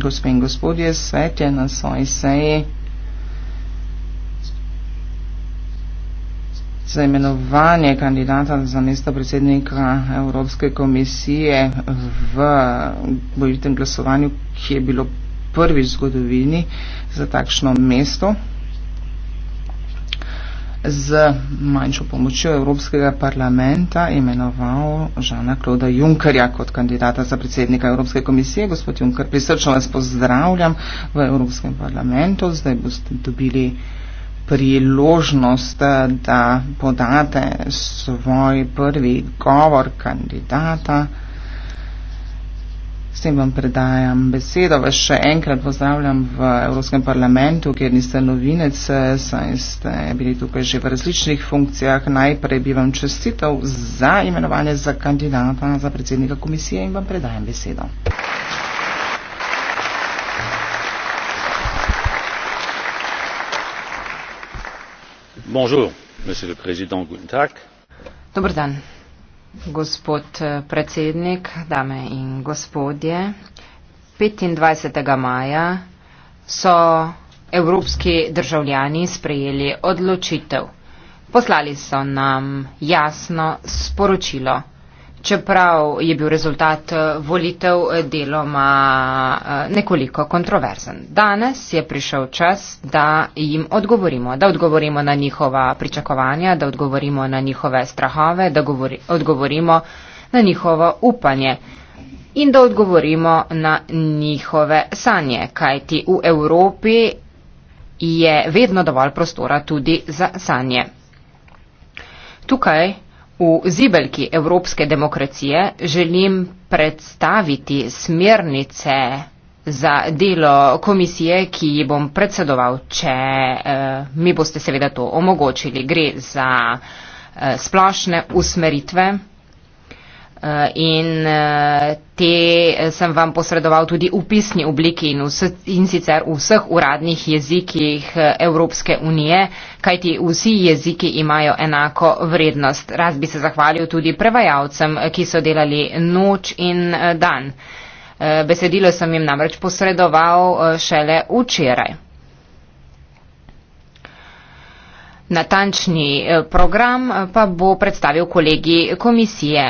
Gospe in gospodje, svet je na svoji seji za imenovanje kandidata za mesto predsednika Evropske komisije v bojitem glasovanju, ki je bilo prvi zgodovini za takšno mesto z manjšo pomočjo Evropskega parlamenta imenoval Žana Kloda Junkerja kot kandidata za predsednika Evropske komisije. Gospod Junker, prisrčno vas pozdravljam v Evropskem parlamentu. Zdaj boste dobili priložnost, da podate svoj prvi govor kandidata. S tem vam predajam besedo. Vas še enkrat pozdravljam v Evropskem parlamentu, kjer niste novinec, saj ste bili tukaj že v različnih funkcijah. Najprej bi vam čestitev za imenovanje za kandidata za predsednika komisije in vam predajam besedo. Bonjour, monsieur le président, guten Tag. Dobr dan. Gospod eh, predsednik, dame in gospodje, 25. maja so evropski državljani sprejeli odločitev. Poslali so nam jasno sporočilo čeprav je bil rezultat eh, volitev eh, deloma eh, nekoliko kontroverzen. Danes je prišel čas, da jim odgovorimo, da odgovorimo na njihova pričakovanja, da odgovorimo na njihove strahove, da govori, odgovorimo na njihovo upanje in da odgovorimo na njihove sanje, kajti v Evropi je vedno dovolj prostora tudi za sanje. Tukaj V zibelki evropske demokracije želim predstaviti smernice za delo komisije, ki ji bom predsedoval, če eh, mi boste seveda to omogočili. Gre za eh, splošne usmeritve. Eh, in eh, te eh, sem vam posredoval tudi v pisni obliki in, vse, in sicer v vseh uradnih jezikih Evropske unije, kajti vsi jeziki imajo enako vrednost. Raz bi se zahvalil tudi prevajalcem, ki so delali noč in dan. Besedilo sem jim namreč posredoval šele včeraj. Natančni program pa bo predstavil kolegi komisije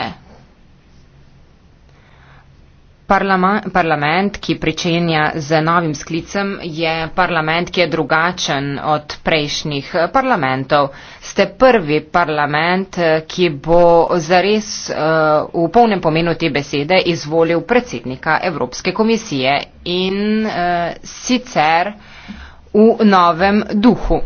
Parlament, ki pričenja z novim sklicem, je parlament, ki je drugačen od prejšnjih parlamentov. Ste prvi parlament, ki bo zares eh, v polnem pomenu te besede izvolil predsednika Evropske komisije in eh, sicer v novem duhu.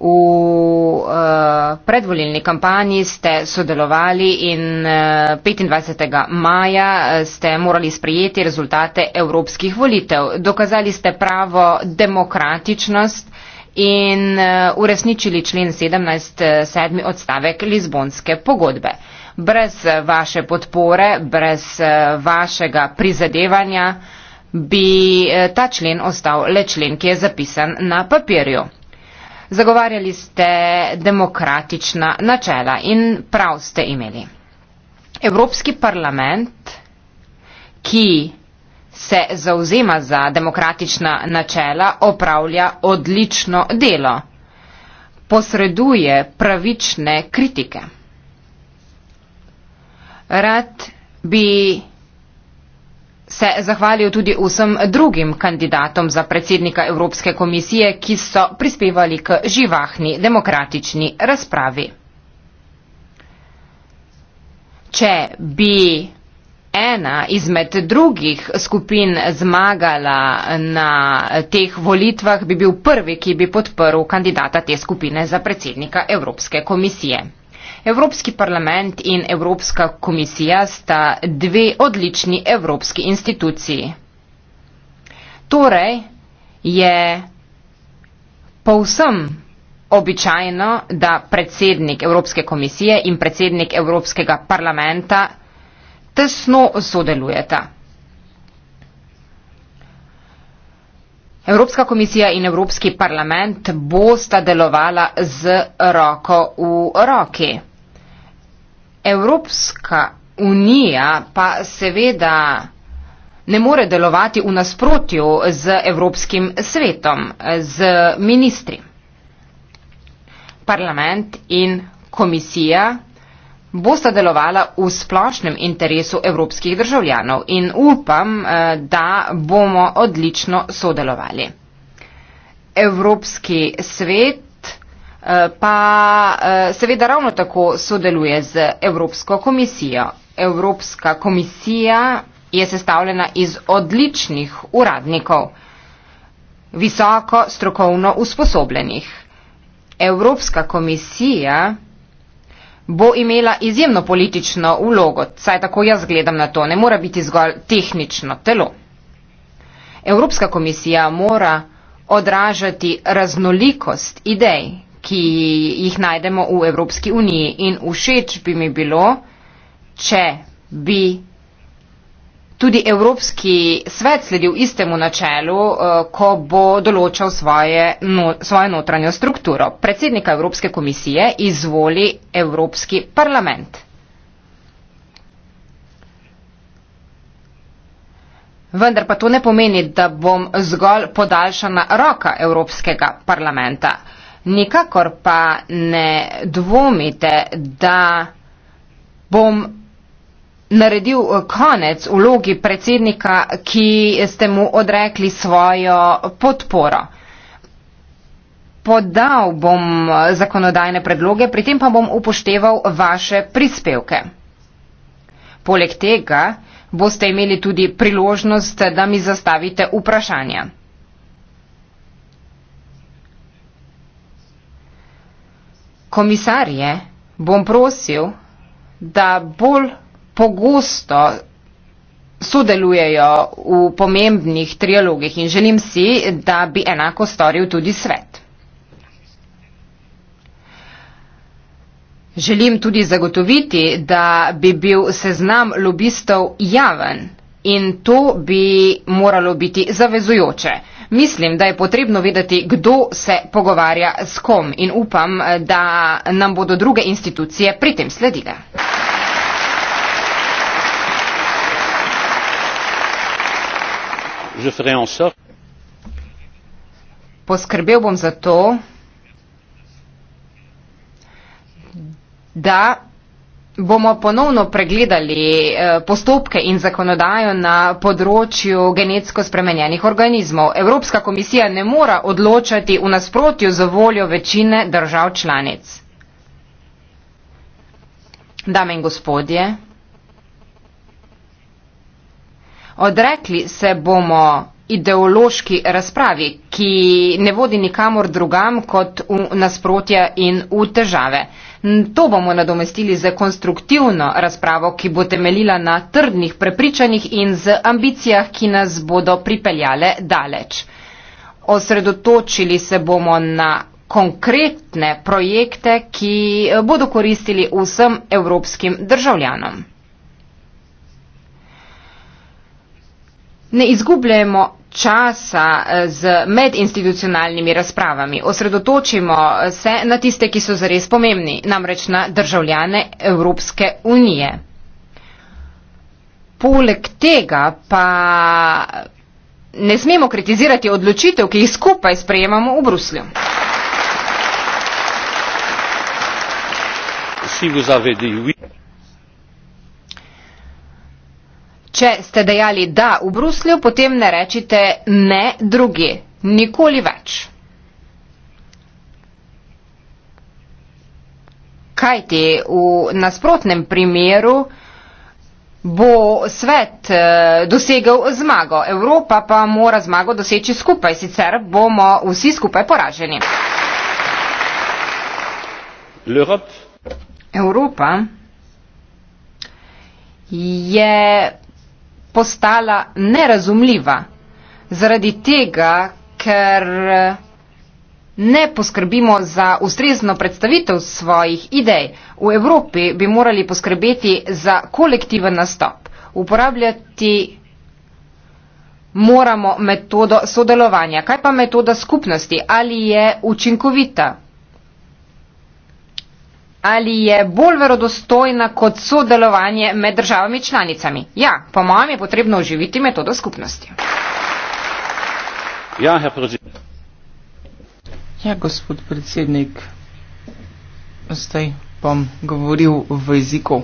V uh, eh, predvoljeni kampanji ste sodelovali in uh, eh, 25. maja eh, ste morali sprejeti rezultate evropskih volitev. Dokazali ste pravo demokratičnost in uh, uresničili člen 17.7. odstavek Lizbonske pogodbe. Brez vaše podpore, brez uh, vašega prizadevanja bi uh, ta člen ostal le člen, ki je zapisan na papirju. Zagovarjali ste demokratična načela in prav ste imeli. Evropski parlament, ki se zauzema za demokratična načela, opravlja odlično delo, posreduje pravične kritike. Rad bi se zahvalil tudi vsem drugim kandidatom za predsednika Evropske komisije, ki so prispevali k živahni demokratični razpravi. Če bi ena izmed drugih skupin zmagala na teh volitvah, bi bil prvi, ki bi podprl kandidata te skupine za predsednika Evropske komisije. Evropski parlament in Evropska komisija sta dve odlični evropski instituciji. Torej je povsem običajno, da predsednik Evropske komisije in predsednik Evropskega parlamenta tesno sodelujeta. Evropska komisija in Evropski parlament bosta delovala z roko v roki. Evropska unija pa seveda ne more delovati v nasprotju z Evropskim svetom, z ministri. Parlament in komisija bosta delovala v splošnem interesu evropskih državljanov in upam, eh, da bomo odlično sodelovali. Evropski svet Eh, pa eh, seveda ravno tako sodeluje z Evropsko komisijo. Evropska komisija je sestavljena iz odličnih uradnikov, visoko strokovno usposobljenih. Evropska komisija bo imela izjemno politično vlogo, saj tako jaz gledam na to, ne mora biti zgolj tehnično telo. Evropska komisija mora odražati raznolikost idej, ki jih najdemo v Evropski uniji. In všeč bi mi bilo, če bi tudi Evropski svet sledil istemu načelu, eh, ko bo določal svoje, no, svojo notranjo strukturo. Predsednika Evropske komisije izvoli Evropski parlament. Vendar pa to ne pomeni, da bom zgolj podaljšana roka Evropskega parlamenta nikakor pa ne dvomite, da bom naredil eh, konec vlogi predsednika, ki ste mu odrekli svojo podporo. Podal bom eh, zakonodajne predloge, pri tem pa bom upošteval vaše prispevke. Poleg tega boste imeli tudi priložnost, da mi zastavite vprašanja. komisarje, bom prosil, da bolj pogosto sodelujejo v pomembnih trialogih in želim si, da bi enako storil tudi svet. Želim tudi zagotoviti, da bi bil seznam lobistov javen in to bi moralo biti zavezujoče. Mislim, da je potrebno vedeti, kdo se pogovarja s kom in upam, da nam bodo druge institucije pri tem sledile. Poskrbel bom za to, da bomo ponovno pregledali eh, postopke in zakonodajo na področju genetsko spremenjenih organizmov. Evropska komisija ne mora odločati v nasprotju z voljo večine držav članic. Dame in gospodje, odrekli se bomo ideološki razpravi, ki ne vodi nikamor drugam kot v nasprotja in v težave. To bomo nadomestili z konstruktivno razpravo, ki bo temeljila na trdnih prepričanjih in z ambicijah, ki nas bodo pripeljale daleč. Osredotočili se bomo na konkretne projekte, ki bodo koristili vsem evropskim državljanom. Ne izgubljajmo časa eh, z medinstitucionalnimi razpravami. Osredotočimo eh, se na tiste, ki so zares pomembni, namreč na državljane Evropske unije. Poleg tega pa ne smemo kritizirati odločitev, ki jih skupaj sprejemamo v Bruslju. Si vous avez dit oui. Če ste dejali da v Bruslju, potem ne rečite ne drugi, nikoli več. Kaj ti v nasprotnem primeru bo svet eh, dosegel zmago, Evropa pa mora zmago doseči skupaj, sicer bomo vsi skupaj poraženi. Evropa je postala nerazumljiva, zaradi tega, ker eh, ne poskrbimo za ustrezno predstavitev svojih idej. V Evropi bi morali poskrbeti za kolektiven nastop, uporabljati moramo metodo sodelovanja. Kaj pa metoda skupnosti? Ali je učinkovita? ali je bolj verodostojna kot sodelovanje med državami članicami. Ja, po mojem je potrebno oživiti metodo skupnosti. Ja, ja gospod predsednik, zdaj bom govoril v jeziku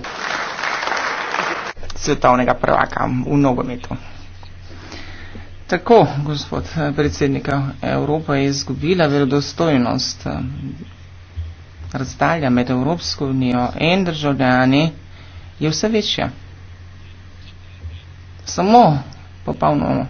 svetovnega prvaka v nogometu. Tako, gospod predsednik, Evropa je izgubila verodostojnost razdalja med Evropsko unijo in državljani je vse večja. Samo popolno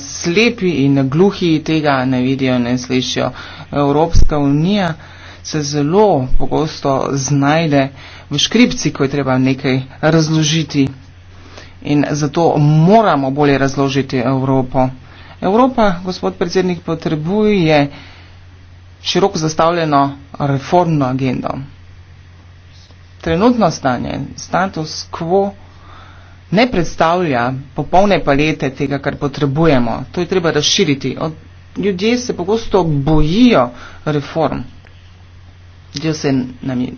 slepi in gluhi tega ne vidijo, ne slišijo. Evropska unija se zelo pogosto znajde v škripci, ko je treba nekaj razložiti. In zato moramo bolje razložiti Evropo. Evropa, gospod predsednik, potrebuje široko zastavljeno reformno agendo. Trenutno stanje, status quo, ne predstavlja popolne palete tega, kar potrebujemo. To je treba razširiti. Od ljudje se pogosto bojijo reform. Ljudje se nam je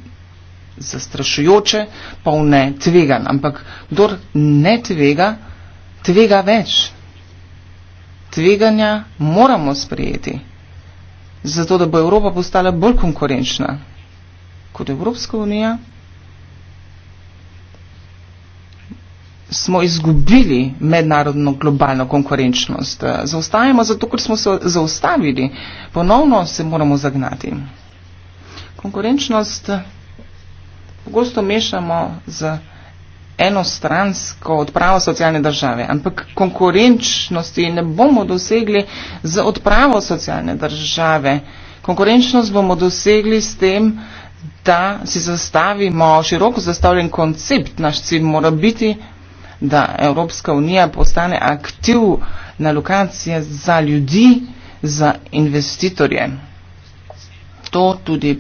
zastrašujoče, polne tvegan. Ampak kdo ne tvega, tvega več. Tveganja moramo sprejeti zato da bo Evropa postala bolj konkurenčna kot Evropska unija, smo izgubili mednarodno globalno konkurenčnost. Zaostajamo zato, ker smo se zaustavili. Ponovno se moramo zagnati. Konkurenčnost pogosto mešamo z enostransko odpravo socialne države, ampak konkurenčnosti ne bomo dosegli z odpravo socialne države. Konkurenčnost bomo dosegli s tem, da si zastavimo široko zastavljen koncept. Naš cilj mora biti, da Evropska unija postane aktivna lokacija za ljudi, za investitorje. To tudi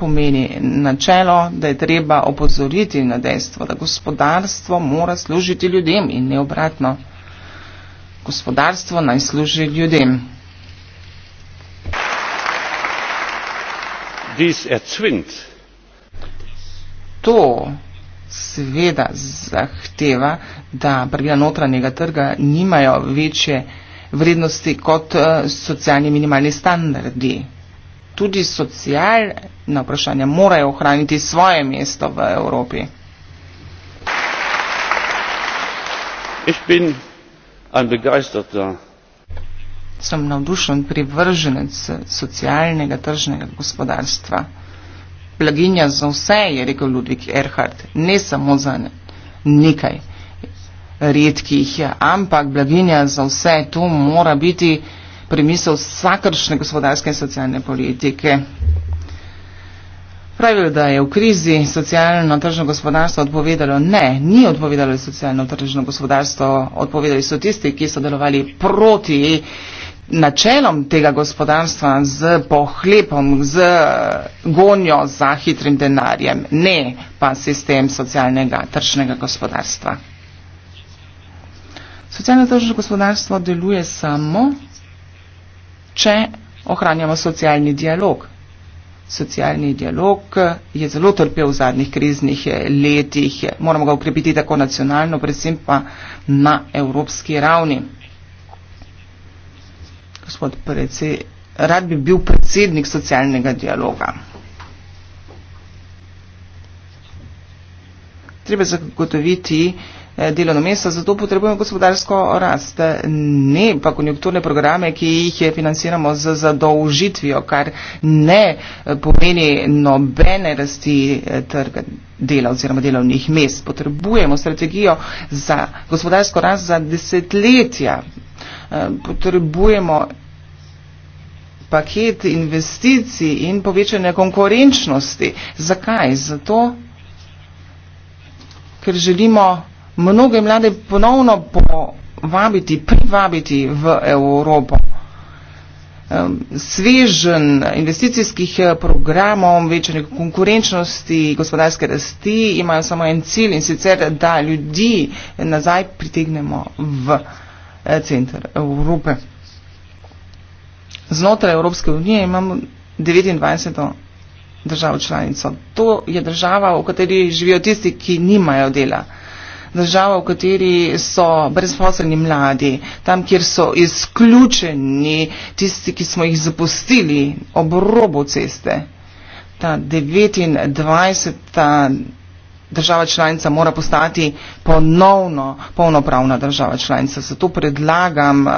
pomeni načelo, da je treba opozoriti na dejstvo, da gospodarstvo mora služiti ljudem in ne obratno. Gospodarstvo naj služi ljudem. To seveda zahteva, da pravila notranjega trga nimajo večje vrednosti kot eh, socialni minimalni standardi tudi socialna vprašanja morajo ohraniti svoje mesto v Evropi. Ich bin ein begeisterter. Sem navdušen privrženec socialnega tržnega gospodarstva. Blaginja za vse, je rekel Ludvik Erhard, ne samo za nekaj redkih, ampak blaginja za vse, to mora biti premisel vsakršne gospodarske in socialne politike. Pravil, da je v krizi socialno tržno gospodarstvo odpovedalo. Ne, ni odpovedalo socialno tržno gospodarstvo. Odpovedali so tisti, ki so delovali proti načelom tega gospodarstva z pohlepom, z eh, gonjo za hitrim denarjem. Ne pa sistem socialnega tržnega gospodarstva. Socialno tržno gospodarstvo deluje samo če ohranjamo socialni dialog. Socialni dialog eh, je zelo trpel v zadnjih kriznih eh, letih, moramo ga ukrepiti tako nacionalno, predvsem pa na evropski ravni. Gospod predsednik, rad bi bil predsednik socialnega dialoga. Treba zagotoviti, Eh, delovno mesto, zato potrebujemo gospodarsko rast, ne pa konjunkturne programe, ki jih financiramo z zadolžitvijo, kar ne eh, pomeni nobene rasti eh, trga dela oziroma delovnih mest. Potrebujemo strategijo za gospodarsko rast za desetletja. Potrebujemo paket investicij in povečanje konkurenčnosti. Zakaj? Zato, ker želimo mnoge mlade ponovno povabiti, privabiti v Evropo. Svežen investicijskih eh, programov, večanje konkurenčnosti, gospodarske rasti imajo samo en cilj in sicer, da ljudi nazaj pritegnemo v eh, center Evrope. Znotraj Evropske unije imamo 29 držav članico. To je država, v kateri živijo tisti, ki nimajo dela država, v kateri so brezposelni mladi, tam, kjer so izključeni tisti, ki smo jih zapustili ob robu ceste. Ta 29. država članica mora postati ponovno polnopravna država članica. Zato predlagam eh,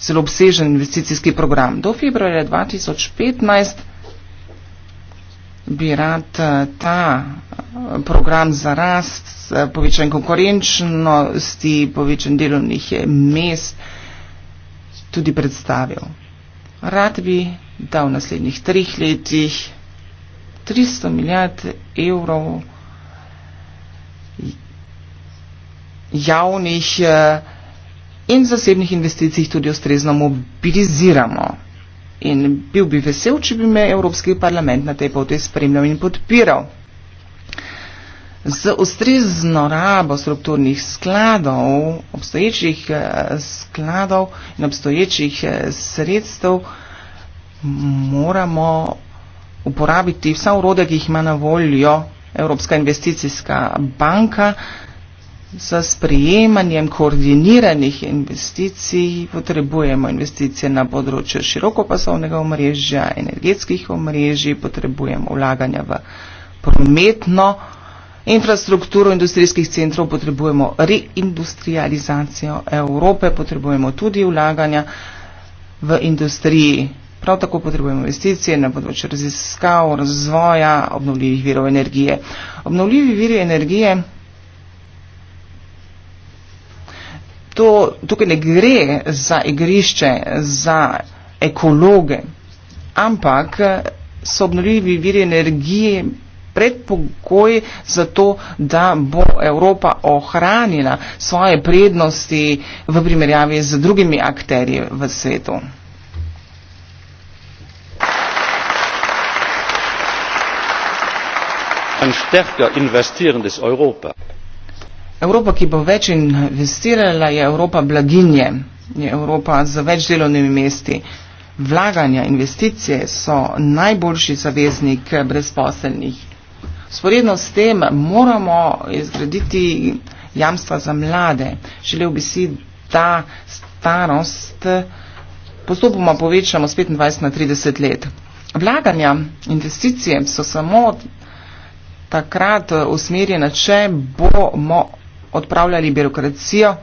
zelo obsežen investicijski program. Do februarja 2015 bi rad eh, ta eh, program za rast, eh, povečan konkurenčnosti, povečan delovnih mest tudi predstavil. Rad bi, da v naslednjih treh letih 300 milijard evrov javnih in zasebnih investicij tudi ustrezno mobiliziramo in bil bi vesel, če bi me Evropski parlament na tej poti spremljal in podpiral. Z ustrezno rabo strukturnih skladov, obstoječih eh, skladov in obstoječih eh, sredstev moramo uporabiti vsa urode, ki jih ima na voljo Evropska investicijska banka, Z sprejemanjem koordiniranih investicij potrebujemo investicije na področju širokopasovnega omrežja, energetskih omrežij, potrebujemo vlaganja v prometno infrastrukturo industrijskih centrov, potrebujemo reindustrializacijo Evrope, potrebujemo tudi vlaganja v industriji. Prav tako potrebujemo investicije na področju raziskav, razvoja obnovljivih virov energije. Obnovljivi viri energije. to, tukaj ne gre za igrišče, za ekologe, ampak so obnovljivi viri energije predpogoj za to, da bo Evropa ohranila svoje prednosti v primerjavi z drugimi akterji v svetu. Ein stärker investierendes Europa. Evropa, ki bo več investirala, je Evropa blaginje, je Evropa z več delovnimi mesti. Vlaganja, investicije so najboljši zaveznik brezposelnih. Sporedno s tem moramo izgraditi jamstva za mlade. Želel bi si, da starost postopoma povečamo z 25 na 30 let. Vlaganja, investicije so samo takrat eh, usmerjene, če bomo odpravljali birokracijo,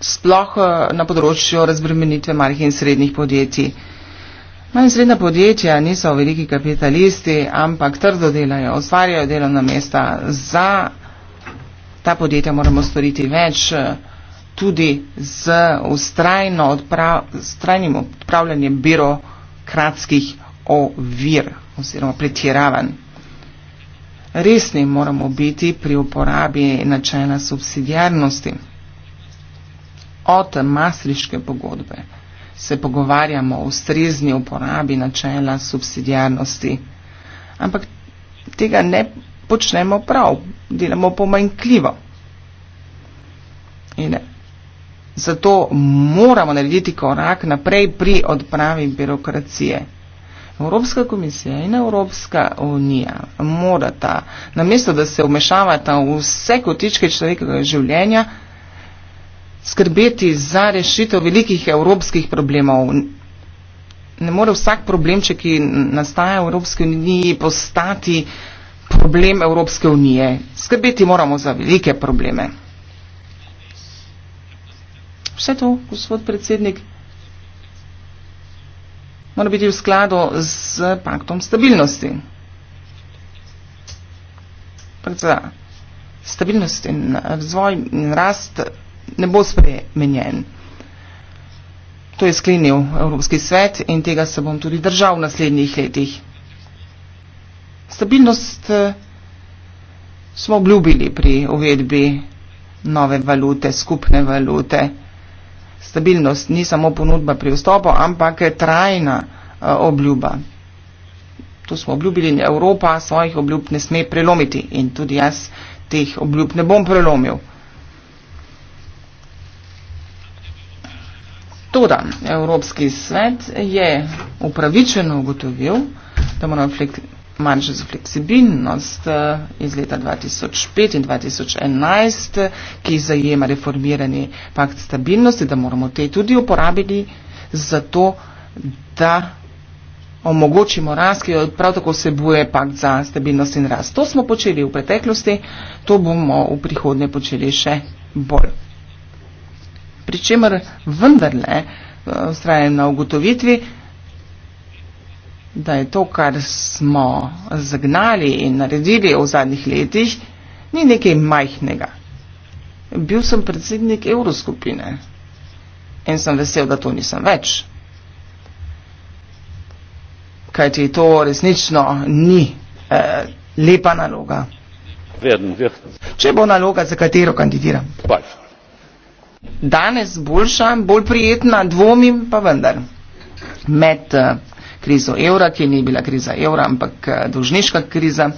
sploh eh, na področju razbremenitve malih in srednjih podjetij. Malih in srednja podjetja niso veliki kapitalisti, ampak trdo delajo, ustvarjajo delovna mesta. Za ta podjetja moramo storiti več eh, tudi z ustrajno odprav, odpravljanjem birokratskih ovir oziroma pretjeravanj resni moramo biti pri uporabi načela subsidiarnosti. Od masriške pogodbe se pogovarjamo o strezni uporabi načela subsidiarnosti, ampak tega ne počnemo prav, delamo pomanjkljivo. In zato moramo narediti korak naprej pri odpravi birokracije. Evropska komisija in Evropska unija morata, namesto da se vmešavata v vse kotičke človekovega življenja, skrbeti za rešitev velikih evropskih problemov. Ne more vsak problemček, ki nastaja v Evropski uniji, postati problem Evropske unije. Skrbeti moramo za velike probleme. Vse to, gospod predsednik mora biti v skladu z paktom stabilnosti. Predvsem, stabilnost in razvoj in rast ne bo spremenjen. To je sklenil Evropski svet in tega se bom tudi držal v naslednjih letih. Stabilnost eh, smo obljubili pri uvedbi nove valute, skupne valute stabilnost ni samo ponudba pri vstopu, ampak trajna eh, obljuba. To smo obljubili in Evropa svojih obljub ne sme prelomiti in tudi jaz teh obljub ne bom prelomil. Toda Evropski svet je upravičeno ugotovil, da mora fleksibilnost manjše za fleksibilnost eh, iz leta 2005 in 2011, ki zajema reformirani pakt stabilnosti, da moramo te tudi uporabiti za to, da omogočimo rast, ki jo prav tako vsebuje pakt za stabilnost in rast. To smo počeli v preteklosti, to bomo v prihodnje počeli še bolj. Pričemer vendarle, eh, vztrajam na ugotovitvi, da je to, kar smo zagnali in naredili v zadnjih letih, ni nekaj majhnega. Bil sem predsednik evroskupine in sem vesel, da to nisem več. Kaj ti to resnično ni eh, lepa naloga? Če bo naloga, za katero kandidiram? Danes boljša, bolj prijetna, dvomim pa vendar. Med, eh, krizo evra, ki ni bila kriza evra, ampak eh, dolžniška kriza.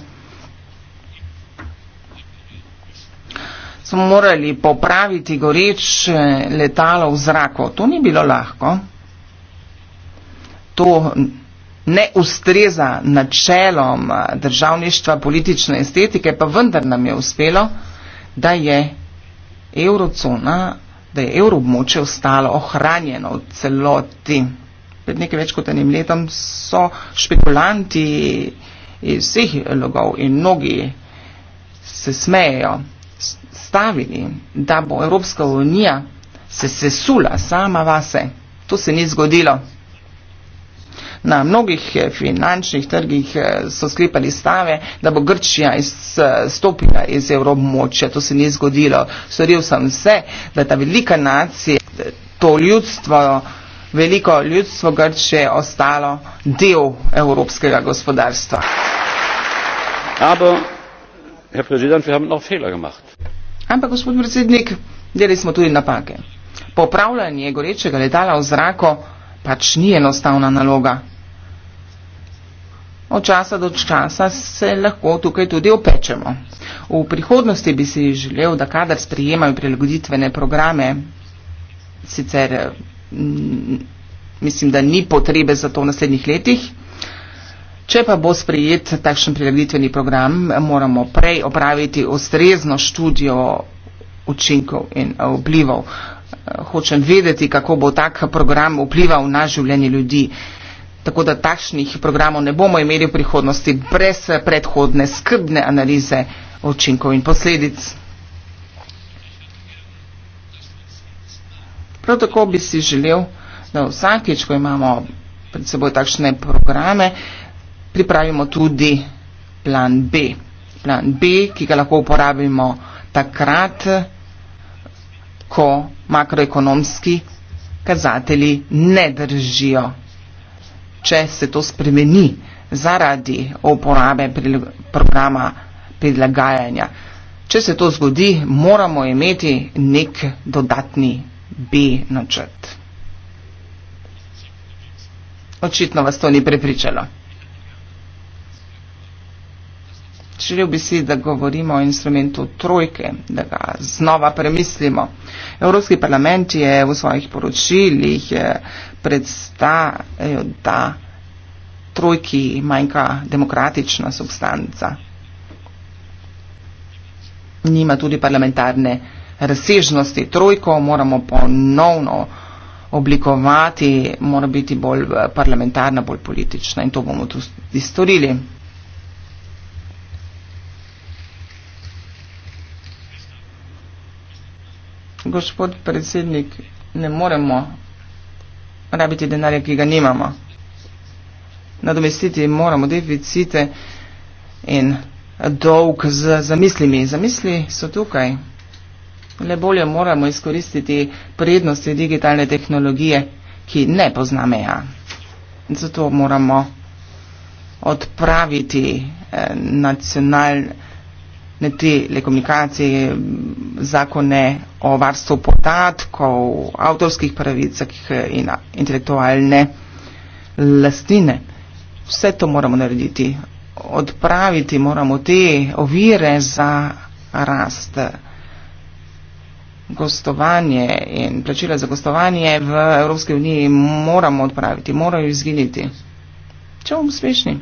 Smo morali popraviti goreč letalo v zraku. To ni bilo lahko. To ne ustreza načelom eh, državništva politične estetike, pa vendar nam je uspelo, da je eurocona, da je evroobmoče ostalo ohranjeno v celoti pred nekaj več kot enim letom, so špekulanti iz vseh logov in mnogi se smejejo stavili, da bo Evropska unija se sesula sama vase. To se ni zgodilo. Na mnogih eh, finančnih trgih eh, so sklepali stave, da bo Grčija izstopila iz eh, Evropmoče. To se ni zgodilo. Storil sem vse, da ta velika nacija, to ljudstvo, veliko ljudstvo Grče ostalo del evropskega gospodarstva. Aber, Herr wir haben noch Ampak, gospod predsednik, delali smo tudi napake. Popravljanje gorečega letala v zrako pač ni enostavna naloga. Od časa do časa se lahko tukaj tudi opečemo. V prihodnosti bi si želel, da kadar sprijemajo prilagoditvene programe, sicer Mm, mislim, da ni potrebe za to v naslednjih letih. Če pa bo sprejet takšen prilagoditveni program, moramo prej opraviti ustrezno študijo učinkov in vplivov. Hočem vedeti, kako bo tak program vplival na življenje ljudi. Tako da takšnih programov ne bomo imeli v prihodnosti brez predhodne skrbne analize učinkov in posledic. Prav tako bi si želel, da vsakeč, ko imamo pred seboj takšne programe, pripravimo tudi plan B. Plan B, ki ga lahko uporabimo takrat, ko makroekonomski kazateli ne držijo. Če se to spremeni zaradi uporabe programa prilagajanja, če se to zgodi, moramo imeti nek dodatni B načrt. Očitno vas to ni prepričalo. Želel bi si, da govorimo o instrumentu trojke, da ga znova premislimo. Evropski parlament je v svojih poročilih eh, predstavil, da trojki manjka demokratična substanca. Nima tudi parlamentarne razsežnosti. Trojko moramo ponovno oblikovati, mora biti bolj eh, parlamentarna, bolj politična in to bomo tudi storili. Gospod predsednik, ne moremo rabiti denarja, ki ga nimamo. Nadomestiti moramo deficite in dolg z zamislimi. Zamisli so tukaj le bolje moramo izkoristiti prednosti digitalne tehnologije, ki ne pozna meja. Zato moramo odpraviti eh, nacionalne telekomunikacije, zakone o varstvu podatkov, avtorskih pravicah eh, in eh, intelektualne lastine. Vse to moramo narediti. Odpraviti moramo te ovire za rast. Eh, gostovanje in plačila za gostovanje v Evropski uniji moramo odpraviti, morajo izginiti. Če bomo uspešni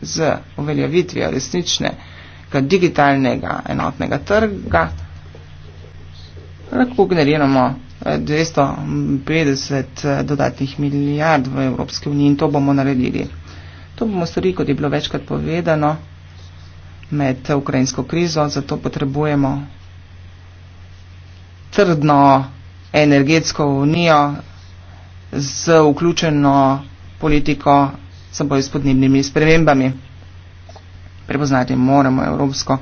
z uveljavitvijo resničnega digitalnega enotnega trga, lahko generiramo 250 eh, eh, dodatnih milijard v Evropski uniji in to bomo naredili. To bomo storili, kot je bilo večkrat povedano, med ukrajinsko krizo, zato potrebujemo trdno energetsko unijo z vključeno politiko za boj s podnebnimi spremembami. Prepoznati moramo evropsko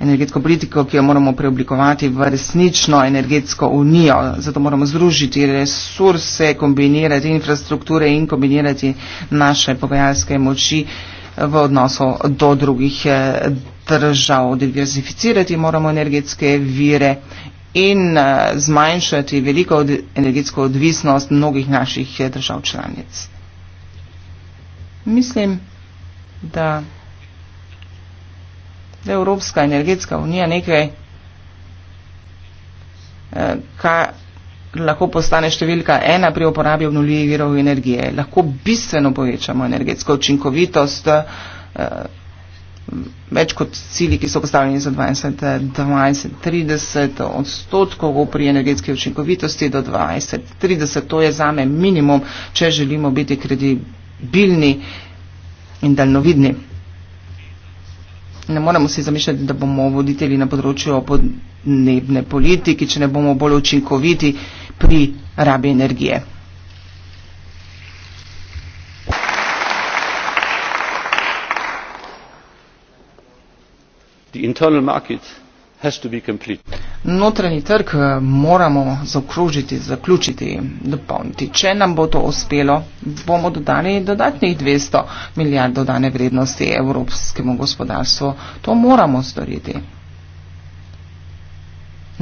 energetsko politiko, ki jo moramo preoblikovati v resnično energetsko unijo. Zato moramo združiti resurse, kombinirati infrastrukture in kombinirati naše pogajalske moči v odnosu do drugih eh, držav. Diversificirati moramo energetske vire in eh, zmanjšati veliko energetsko odvisnost mnogih naših eh, držav članic. Mislim, da je Evropska energetska unija nekaj, eh, kar lahko postane številka ena pri uporabi obnovljivih virov energije. Lahko bistveno povečamo energetsko učinkovitost več kot cilji, ki so postavljeni za 20-30 odstotkov pri energetski učinkovitosti do 20-30. To je zame minimum, če želimo biti kredibilni in daljnovidni. Ne moremo si zamišljati, da bomo voditelji na področju podnebne politike, če ne bomo bolj učinkoviti pri rabi energije. Notranji trg eh, moramo zaokružiti, zaključiti, dopolniti. Če nam bo to uspelo, bomo dodali dodatnih 200 milijard dodane vrednosti evropskemu gospodarstvu. To moramo storiti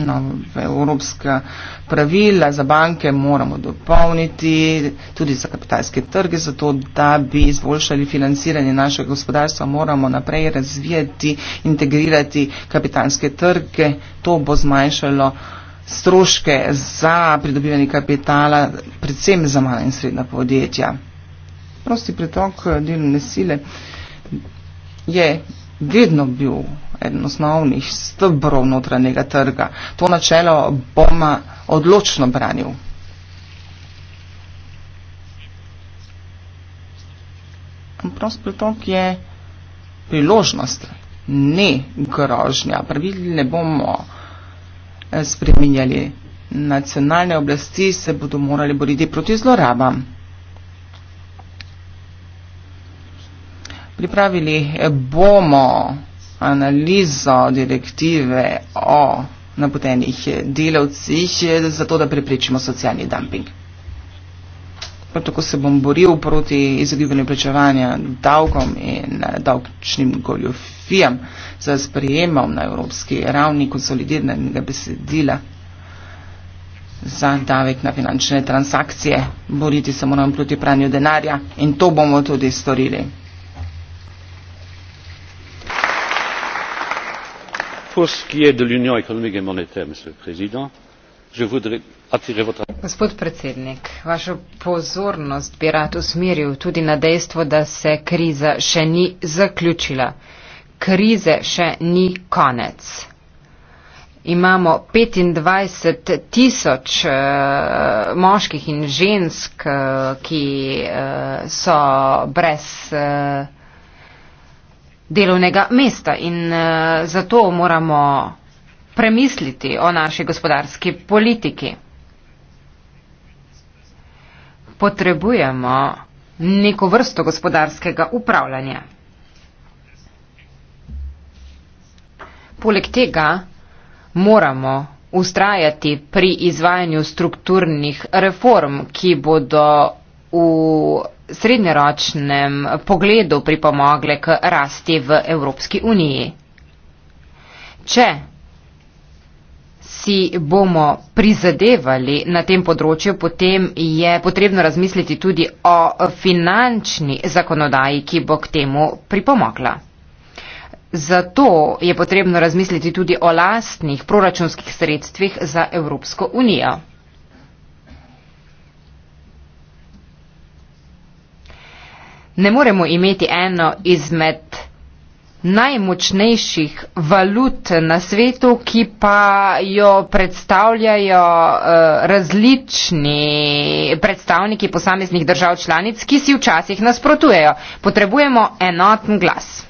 nove evropska pravila za banke moramo dopolniti, tudi za kapitalske trge, zato da bi izboljšali financiranje našega gospodarstva, moramo naprej razvijati, integrirati kapitalske trge. To bo zmanjšalo stroške za pridobivanje kapitala, predvsem za mala in srednja podjetja. Prosti pretok delovne sile je vedno bil eden osnovnih stebrov notranjega trga. To načelo bomo eh, odločno branil. Prost pritok je priložnost, ne grožnja. Pravili ne bomo eh, spreminjali. Nacionalne oblasti se bodo morali boriti proti zlorabam. Pripravili eh, bomo analizo direktive o napotenih delavcih, zato da preprečimo socialni dumping. Prav tako se bom boril proti izogibanju plačevanja davkom in eh, davčnim goljofijam za sprejemom na evropski ravni konsolidiranega besedila za davek na finančne transakcije. Boriti se moram proti pranju denarja in to bomo tudi storili. pour ce qui est de l'union économique et monétaire, Monsieur le Président, je voudrais attirer votre attention. Gospod predsednik, vašo pozornost bi rad usmeril tudi na dejstvo, da se kriza še ni zaključila. Krize še ni konec. Imamo 25 tisoč uh, moških in žensk, uh, ki uh, so brez. Uh, delovnega mesta in uh, zato moramo premisliti o naši gospodarski politiki. Potrebujemo neko vrsto gospodarskega upravljanja. Poleg tega moramo ustrajati pri izvajanju strukturnih reform, ki bodo v srednjeročnem pogledu pripomogle k rasti v Evropski uniji. Če si bomo prizadevali na tem področju, potem je potrebno razmisliti tudi o finančni zakonodaji, ki bo k temu pripomogla. Zato je potrebno razmisliti tudi o lastnih proračunskih sredstvih za Evropsko unijo. ne moremo imeti eno izmed najmočnejših valut na svetu, ki pa jo predstavljajo uh, različni predstavniki posameznih držav članic, ki si včasih nasprotujejo. Potrebujemo enoten glas.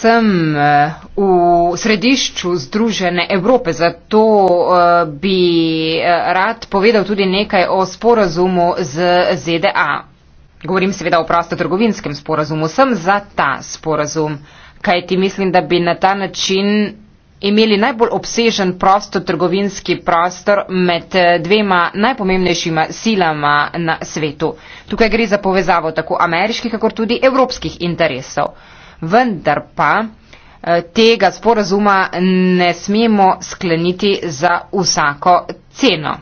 Sem eh, v središču Združene Evrope. Zato uh, bi eh, rad povedal tudi nekaj o sporazumu z ZDA. Govorim seveda o prostotrgovinskem sporazumu. Sem za ta sporazum, kajti mislim, da bi na ta način imeli najbolj obsežen prostotrgovinski prostor med eh, dvema najpomembnejšima silama na svetu. Tukaj gre za povezavo tako ameriških, kakor tudi evropskih interesov. Vendar pa Eh, tega sporazuma ne smemo skleniti za vsako ceno.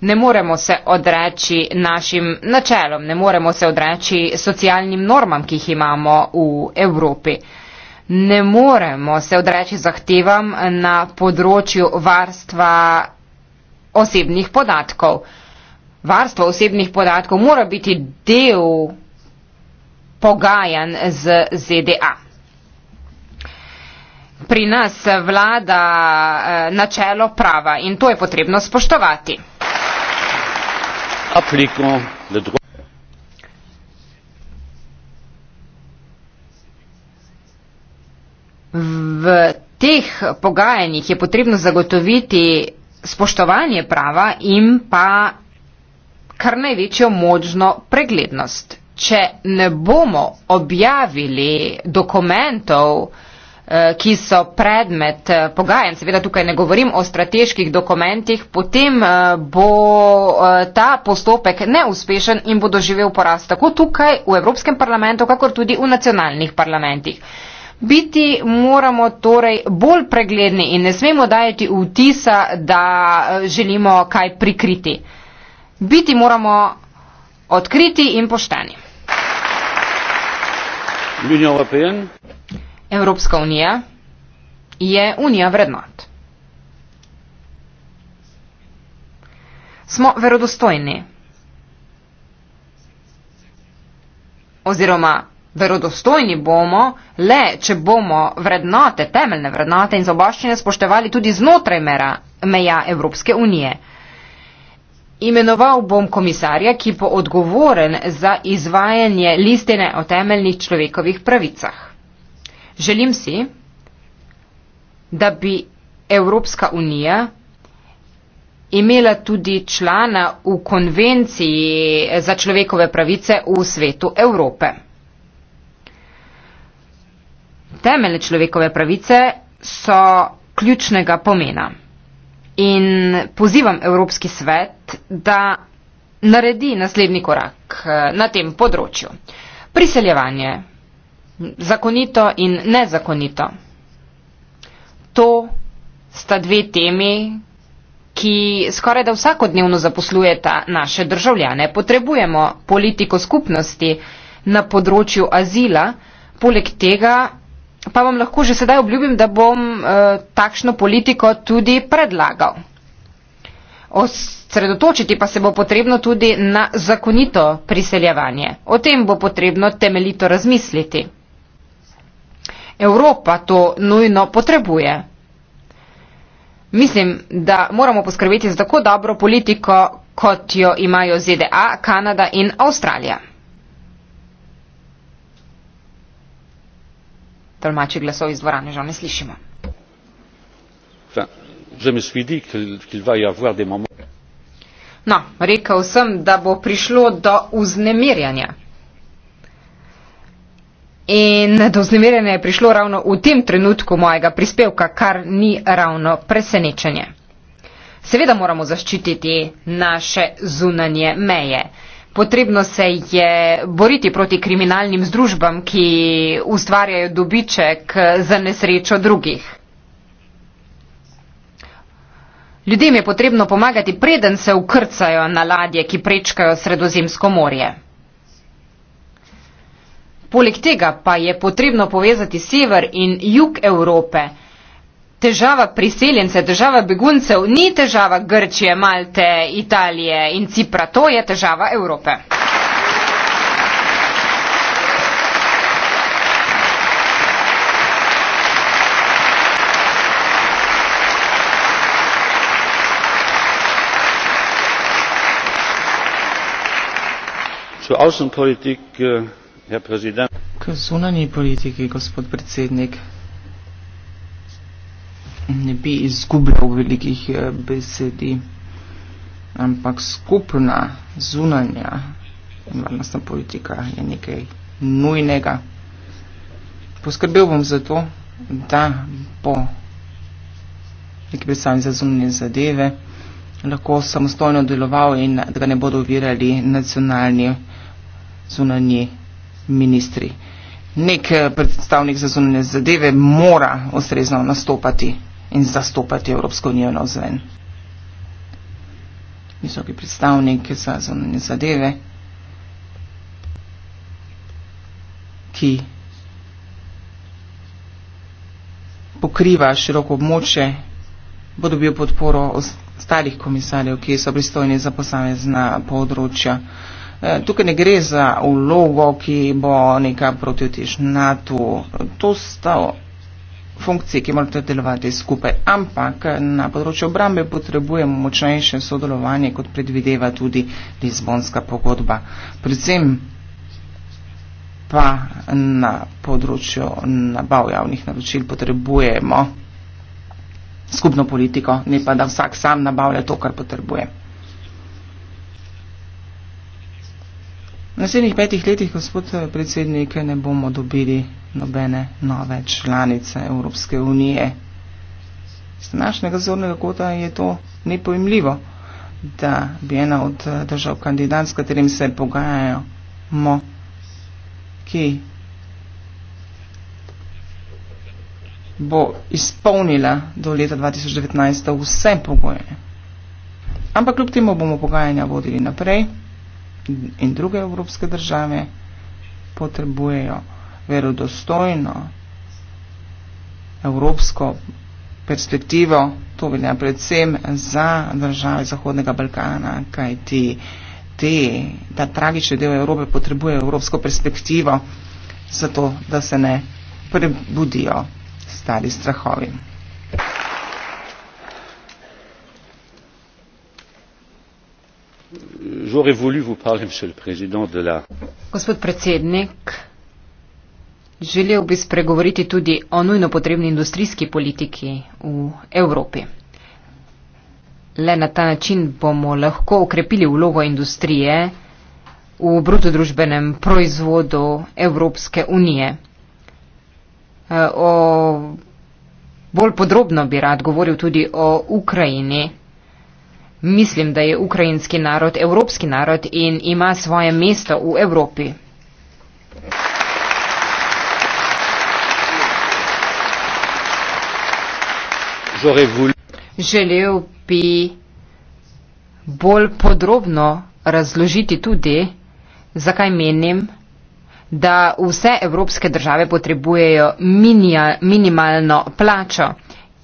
Ne moremo se odreči našim načelom, ne moremo se odreči socialnim normam, ki jih imamo v Evropi. Ne moremo se odreči zahtevam na področju varstva osebnih podatkov. Varstvo osebnih podatkov mora biti del pogajan z ZDA pri nas vlada eh, načelo prava in to je potrebno spoštovati. V teh pogajanjih je potrebno zagotoviti spoštovanje prava in pa kar največjo možno preglednost. Če ne bomo objavili dokumentov, Eh, ki so predmet eh, pogajanj, seveda tukaj ne govorim o strateških dokumentih, potem eh, bo ta postopek neuspešen in bo doživel poraz tako tukaj v Evropskem parlamentu, kakor tudi v nacionalnih parlamentih. Biti moramo torej bolj pregledni in ne smemo dajeti vtisa, da želimo kaj prikriti. Biti moramo odkriti in pošteni. L'Union européenne Evropska unija je unija vrednot. Smo verodostojni. Oziroma, verodostojni bomo le, če bomo vrednote, temeljne vrednote in zoboščine spoštevali tudi znotraj mera, meja Evropske unije. Imenoval bom komisarja, ki bo odgovoren za izvajanje listine o temeljnih človekovih pravicah. Želim si, da bi Evropska unija imela tudi člana v konvenciji za človekove pravice v svetu Evrope. Temelje človekove pravice so ključnega pomena in pozivam Evropski svet, da naredi naslednji korak eh, na tem področju. Priseljevanje zakonito in nezakonito. To sta dve temi, ki skoraj da vsakodnevno zaposlujeta naše državljane. Potrebujemo politiko skupnosti na področju azila, poleg tega pa vam lahko že sedaj obljubim, da bom eh, takšno politiko tudi predlagal. Osredotočiti pa se bo potrebno tudi na zakonito priseljevanje. O tem bo potrebno temeljito razmisliti. Evropa to nujno potrebuje. Mislim, da moramo poskrbeti za tako dobro politiko, kot jo imajo ZDA, Kanada in Avstralija. Tolmači glasov iz dvorane žal ne slišimo. No, rekel sem, da bo prišlo do vznemirjanja. In do vznemirjenja je prišlo ravno v tem trenutku mojega prispevka, kar ni ravno presenečenje. Seveda moramo zaščititi naše zunanje meje. Potrebno se je boriti proti kriminalnim združbam, ki ustvarjajo dobiček za nesrečo drugih. Ljudem je potrebno pomagati, preden se ukrcajo na ladje, ki prečkajo Sredozemsko morje. Poleg tega pa je potrebno povezati sever in jug Evrope. Težava priseljence, težava beguncev ni težava Grčije, Malte, Italije in Cipra, to je težava Evrope. Zur Außenpolitik äh, K zunanji politiki, gospod predsednik, ne bi izgubljal velikih eh, besedi, ampak skupna zunanja in varnostna politika je nekaj nujnega. Poskrbel bom za to, da bo neki predstavnik za zunanje zadeve lahko samostojno deloval in da ga ne bodo uvirali nacionalni zunanji ministri. Nek eh, predstavnik za zunanje zadeve mora ustrezno nastopati in zastopati Evropsko unijo na vzven. Visoki predstavnik za zunanje zadeve, ki pokriva široko območje, bo dobil podporo ostalih komisarjev, ki so pristojni za posamezna področja. Eh, tukaj ne gre za vlogo, ki bo neka protiutež NATO. To sta funkcije, ki morate delovati skupaj. Ampak eh, na področju obrambe potrebujemo močnejše sodelovanje, kot predvideva tudi Lizbonska pogodba. Predvsem pa na področju nabav javnih naročil potrebujemo skupno politiko, ne pa da vsak sam nabavlja to, kar potrebujemo. V naslednjih petih letih, gospod eh, predsednik, ne bomo dobili nobene nove članice Evropske unije. Z današnjega zornega kota je to nepojmljivo, da bi ena od eh, držav kandidat, s katerim se pogajajo, mo, ki bo izpolnila do leta 2019 vse pogoje. Ampak kljub temu bomo pogajanja vodili naprej in druge evropske države potrebujejo verodostojno evropsko perspektivo, to velja predvsem za države Zahodnega Balkana, kaj ti te, ta tragični del Evrope potrebuje evropsko perspektivo, zato da se ne prebudijo stari strahovi. j'aurais voulu vous parler monsieur le président de la Gospod predsednik, želel bi spregovoriti tudi o nujno potrebni industrijski politiki v Evropi. Le na ta način bomo lahko ukrepili vlogo industrije v brutodružbenem proizvodu Evropske unije. Eh, o bolj podrobno bi rad govoril tudi o Ukrajini. Mislim, da je ukrajinski narod evropski narod in ima svoje mesto v Evropi. Želel bi bolj podrobno razložiti tudi, zakaj menim, da vse evropske države potrebujejo minija, minimalno plačo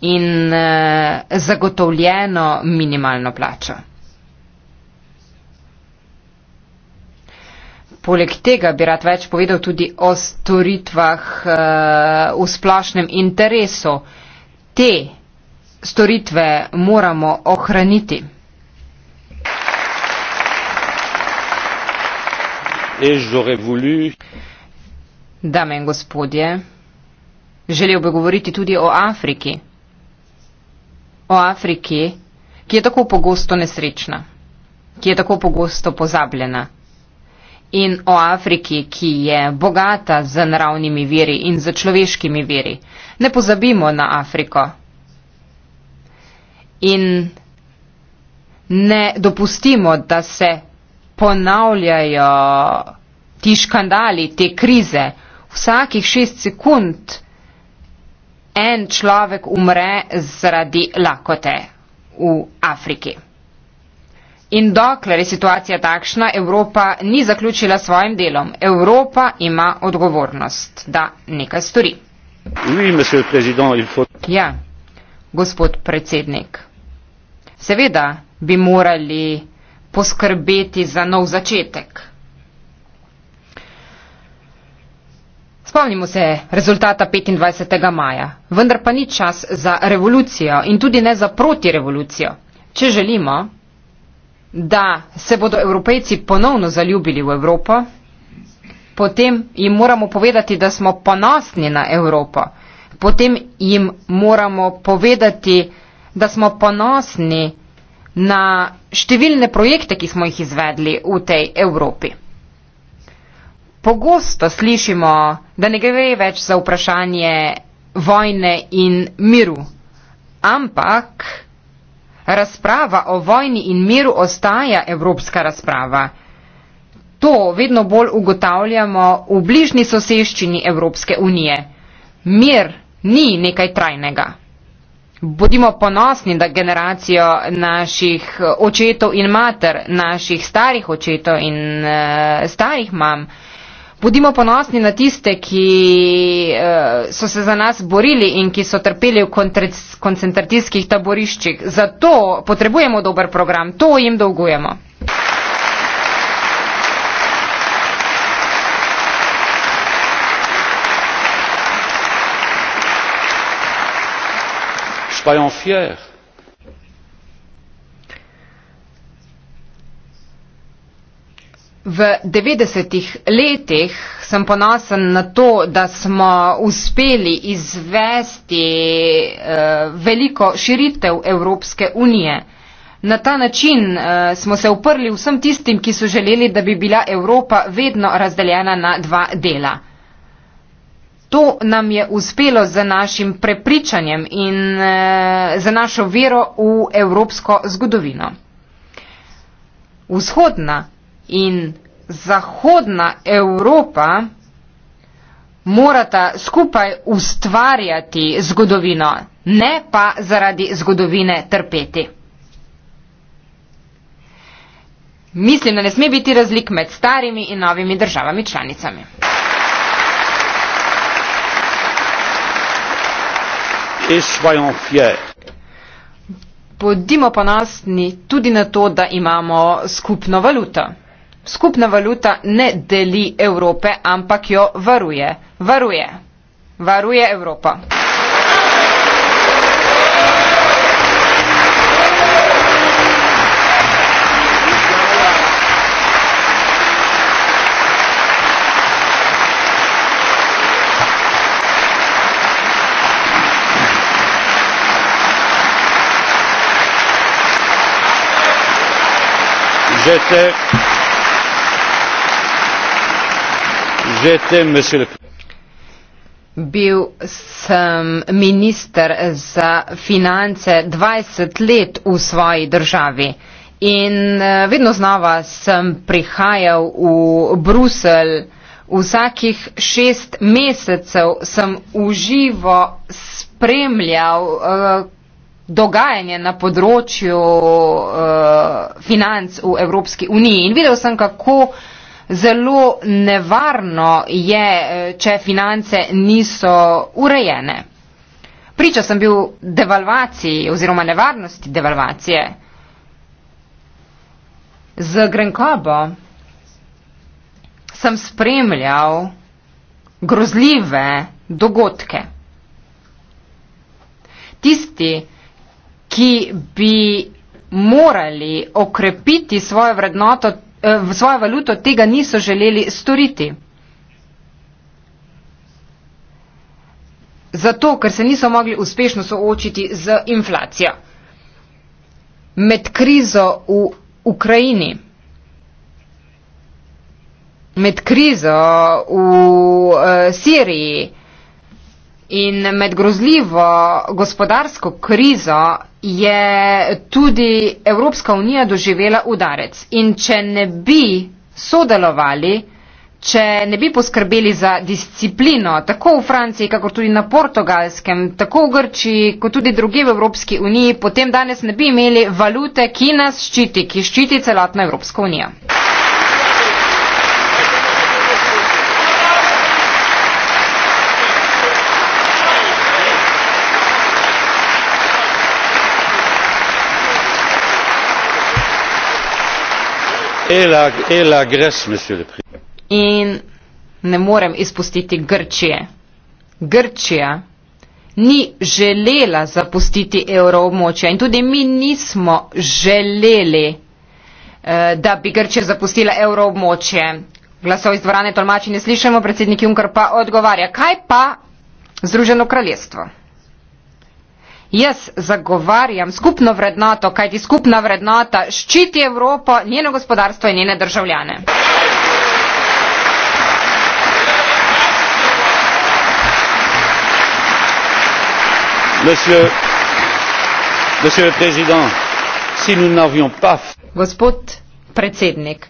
in eh, zagotovljeno minimalno plačo. Poleg tega bi rad več povedal tudi o storitvah eh, v splošnem interesu. Te storitve moramo ohraniti. Dame in gospodje, želel bi govoriti tudi o Afriki. O Afriki, ki je tako pogosto nesrečna, ki je tako pogosto pozabljena. In o Afriki, ki je bogata z naravnimi viri in z človeškimi viri. Ne pozabimo na Afriko. In ne dopustimo, da se ponavljajo ti škandali, te krize vsakih šest sekund en človek umre zaradi lakote v Afriki. In dokler je situacija takšna, Evropa ni zaključila svojim delom. Evropa ima odgovornost, da nekaj stori. Ja, gospod predsednik, seveda bi morali poskrbeti za nov začetek. Spomnimo se rezultata 25. maja, vendar pa ni čas za revolucijo in tudi ne za protirevolucijo. Če želimo, da se bodo evropejci ponovno zaljubili v Evropo, potem jim moramo povedati, da smo ponosni na Evropo. Potem jim moramo povedati, da smo ponosni na številne projekte, ki smo jih izvedli v tej Evropi. Pogosto slišimo, da ne gre več za vprašanje vojne in miru, ampak razprava o vojni in miru ostaja evropska razprava. To vedno bolj ugotavljamo v bližnji soseščini Evropske unije. Mir ni nekaj trajnega. Bodimo ponosni, da generacijo naših eh, očetov in mater, naših starih očetov in uh, starih mam, uh, Budimo ponosni na tiste, ki eh, so se za nas borili in ki so trpeli v koncentracijskih taboriščih. Zato potrebujemo dober program, to jim dolgujemo. Soyons fiers V 90-ih letih sem ponosen na to, da smo uspeli izvesti eh, veliko širitev Evropske unije. Na ta način eh, smo se uprli vsem tistim, ki so želeli, da bi bila Evropa vedno razdeljena na dva dela. To nam je uspelo z našim prepričanjem in eh, z našo vero v evropsko zgodovino. Vzhodna in Zahodna Evropa morata skupaj ustvarjati zgodovino, ne pa zaradi zgodovine trpeti. Mislim, da ne sme biti razlik med starimi in novimi državami članicami. Podimo ponosni tudi na to, da imamo skupno valuto. Skupna valuta ne deli Evrope, ampak jo varuje. Varuje. Varuje Evropa. Gracias. že tem, monsieur le président. Bil sem minister za finance 20 let v svoji državi in eh, vedno znova sem prihajal v Bruselj. Vsakih šest mesecev sem uživo spremljal uh, dogajanje na področju uh, financ v Evropski uniji in videl sem, kako uh, zelo nevarno je, eh, če finance niso urejene. Priča sem bil devalvaciji oziroma nevarnosti devalvacije. Z Grenkobo sem spremljal grozljive dogodke. Tisti, ki bi morali okrepiti svojo vrednoto Eh, v svojo valuto tega niso želeli storiti. Zato, ker se niso mogli uspešno soočiti z inflacijo. Med krizo v Ukrajini, med krizo v uh, Siriji, In med grozljivo gospodarsko krizo je tudi Evropska unija doživela udarec. In če ne bi sodelovali, če ne bi poskrbeli za disciplino tako v Franciji, kako tudi na Portugalskem, tako v Grčiji, kot tudi druge v Evropski uniji, potem danes ne bi imeli valute, ki nas ščiti, ki ščiti celotno Evropsko unijo. In ne morem izpustiti Grčije. Grčija ni želela zapustiti evroobmočja in tudi mi nismo želeli, eh, da bi Grčija zapustila evroobmočje. Glasov iz dvorane tolmači ne slišimo, predsednik Juncker pa odgovarja. Kaj pa Združeno kraljestvo? Jaz zagovarjam skupno vrednoto, kajti skupna vrednota ščiti Evropo, njeno gospodarstvo in njene državljane. Monsieur, monsieur le président, si nous n'avions pas. Gospod predsednik,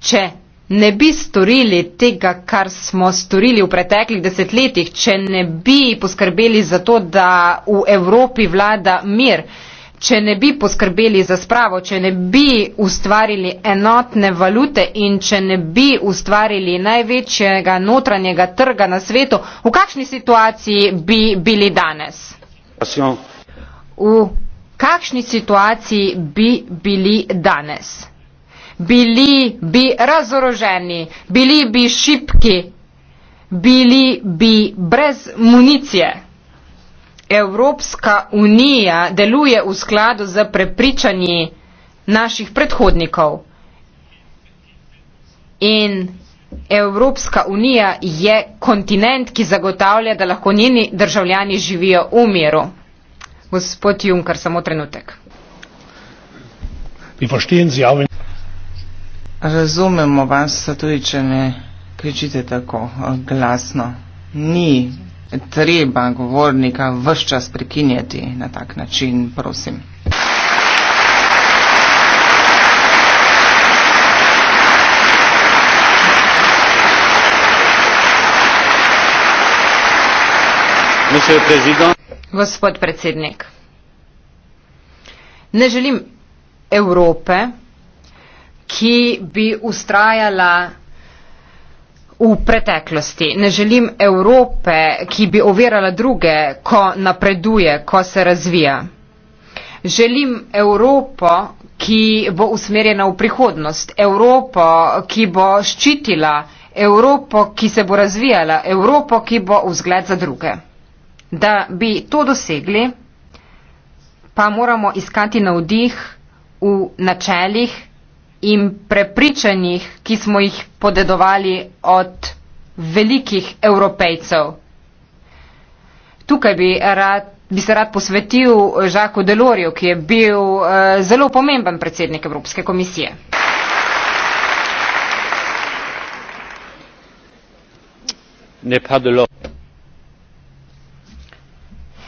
če ne bi storili tega, kar smo storili v preteklih desetletjih, če ne bi poskrbeli za to, da v Evropi vlada mir, če ne bi poskrbeli za spravo, če ne bi ustvarili enotne valute in če ne bi ustvarili največjega notranjega trga na svetu, v kakšni situaciji bi bili danes? V kakšni situaciji bi bili danes? bili bi razoroženi, bili bi šipki, bili bi brez municije. Evropska unija deluje v skladu z prepričanji naših predhodnikov. In Evropska unija je kontinent, ki zagotavlja, da lahko njeni državljani živijo v miru. Gospod Juncker, samo trenutek. Vi verstehen Sie auch, wenn Razumemo vas, tudi če ne kričite tako eh, glasno. Ni treba govornika vse čas prekinjati na tak način, prosim. Gospod predsednik, ne želim Evrope, ki bi ustrajala v preteklosti. Ne želim Evrope, ki bi ovirala druge, ko napreduje, ko se razvija. Želim Evropo, ki bo usmerjena v prihodnost, Evropo, ki bo ščitila, Evropo, ki se bo razvijala, Evropo, ki bo vzgled za druge. Da bi to dosegli, pa moramo iskati navdih v načelih, in prepričanjih, ki smo jih podedovali od velikih evropejcev. Tukaj bi, rad, bi se rad posvetil Žaku Delorju, ki je bil uh, zelo pomemben predsednik Evropske komisije. Ne pa delo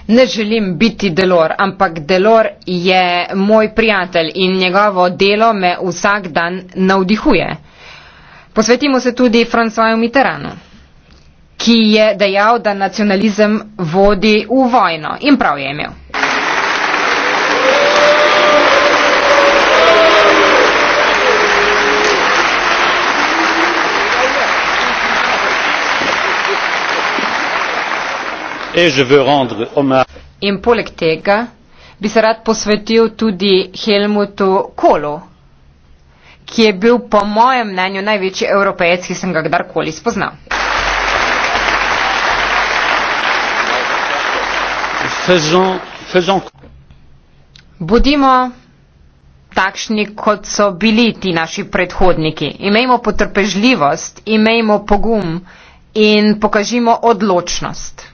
ne želim biti delor, ampak delor je moj prijatelj in njegovo delo me vsak dan navdihuje. Posvetimo se tudi Francoju Mitterrandu, ki je dejal, da nacionalizem vodi v vojno in prav je imel. In poleg tega bi se rad posvetil tudi Helmutu Kolu, ki je bil po mojem mnenju največji evropejec, ki sem ga kdarkoli spoznal. Bodimo takšni, kot so bili ti naši predhodniki. Imejmo potrpežljivost, imejmo pogum in pokažimo odločnost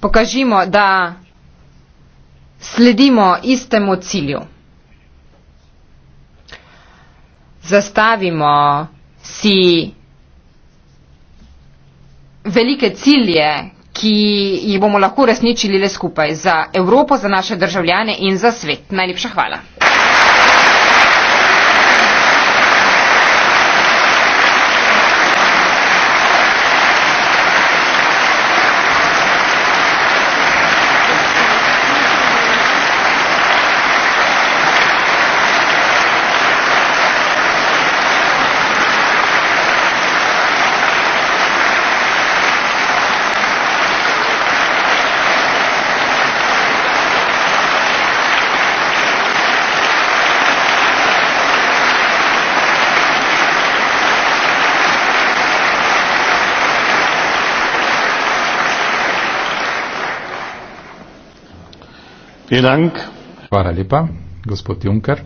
pokažimo, da sledimo istemu cilju. Zastavimo si velike cilje, ki jih bomo lahko resničili le skupaj za Evropo, za naše državljane in za svet. Najlepša hvala. Hvala lepa, gospod Junker.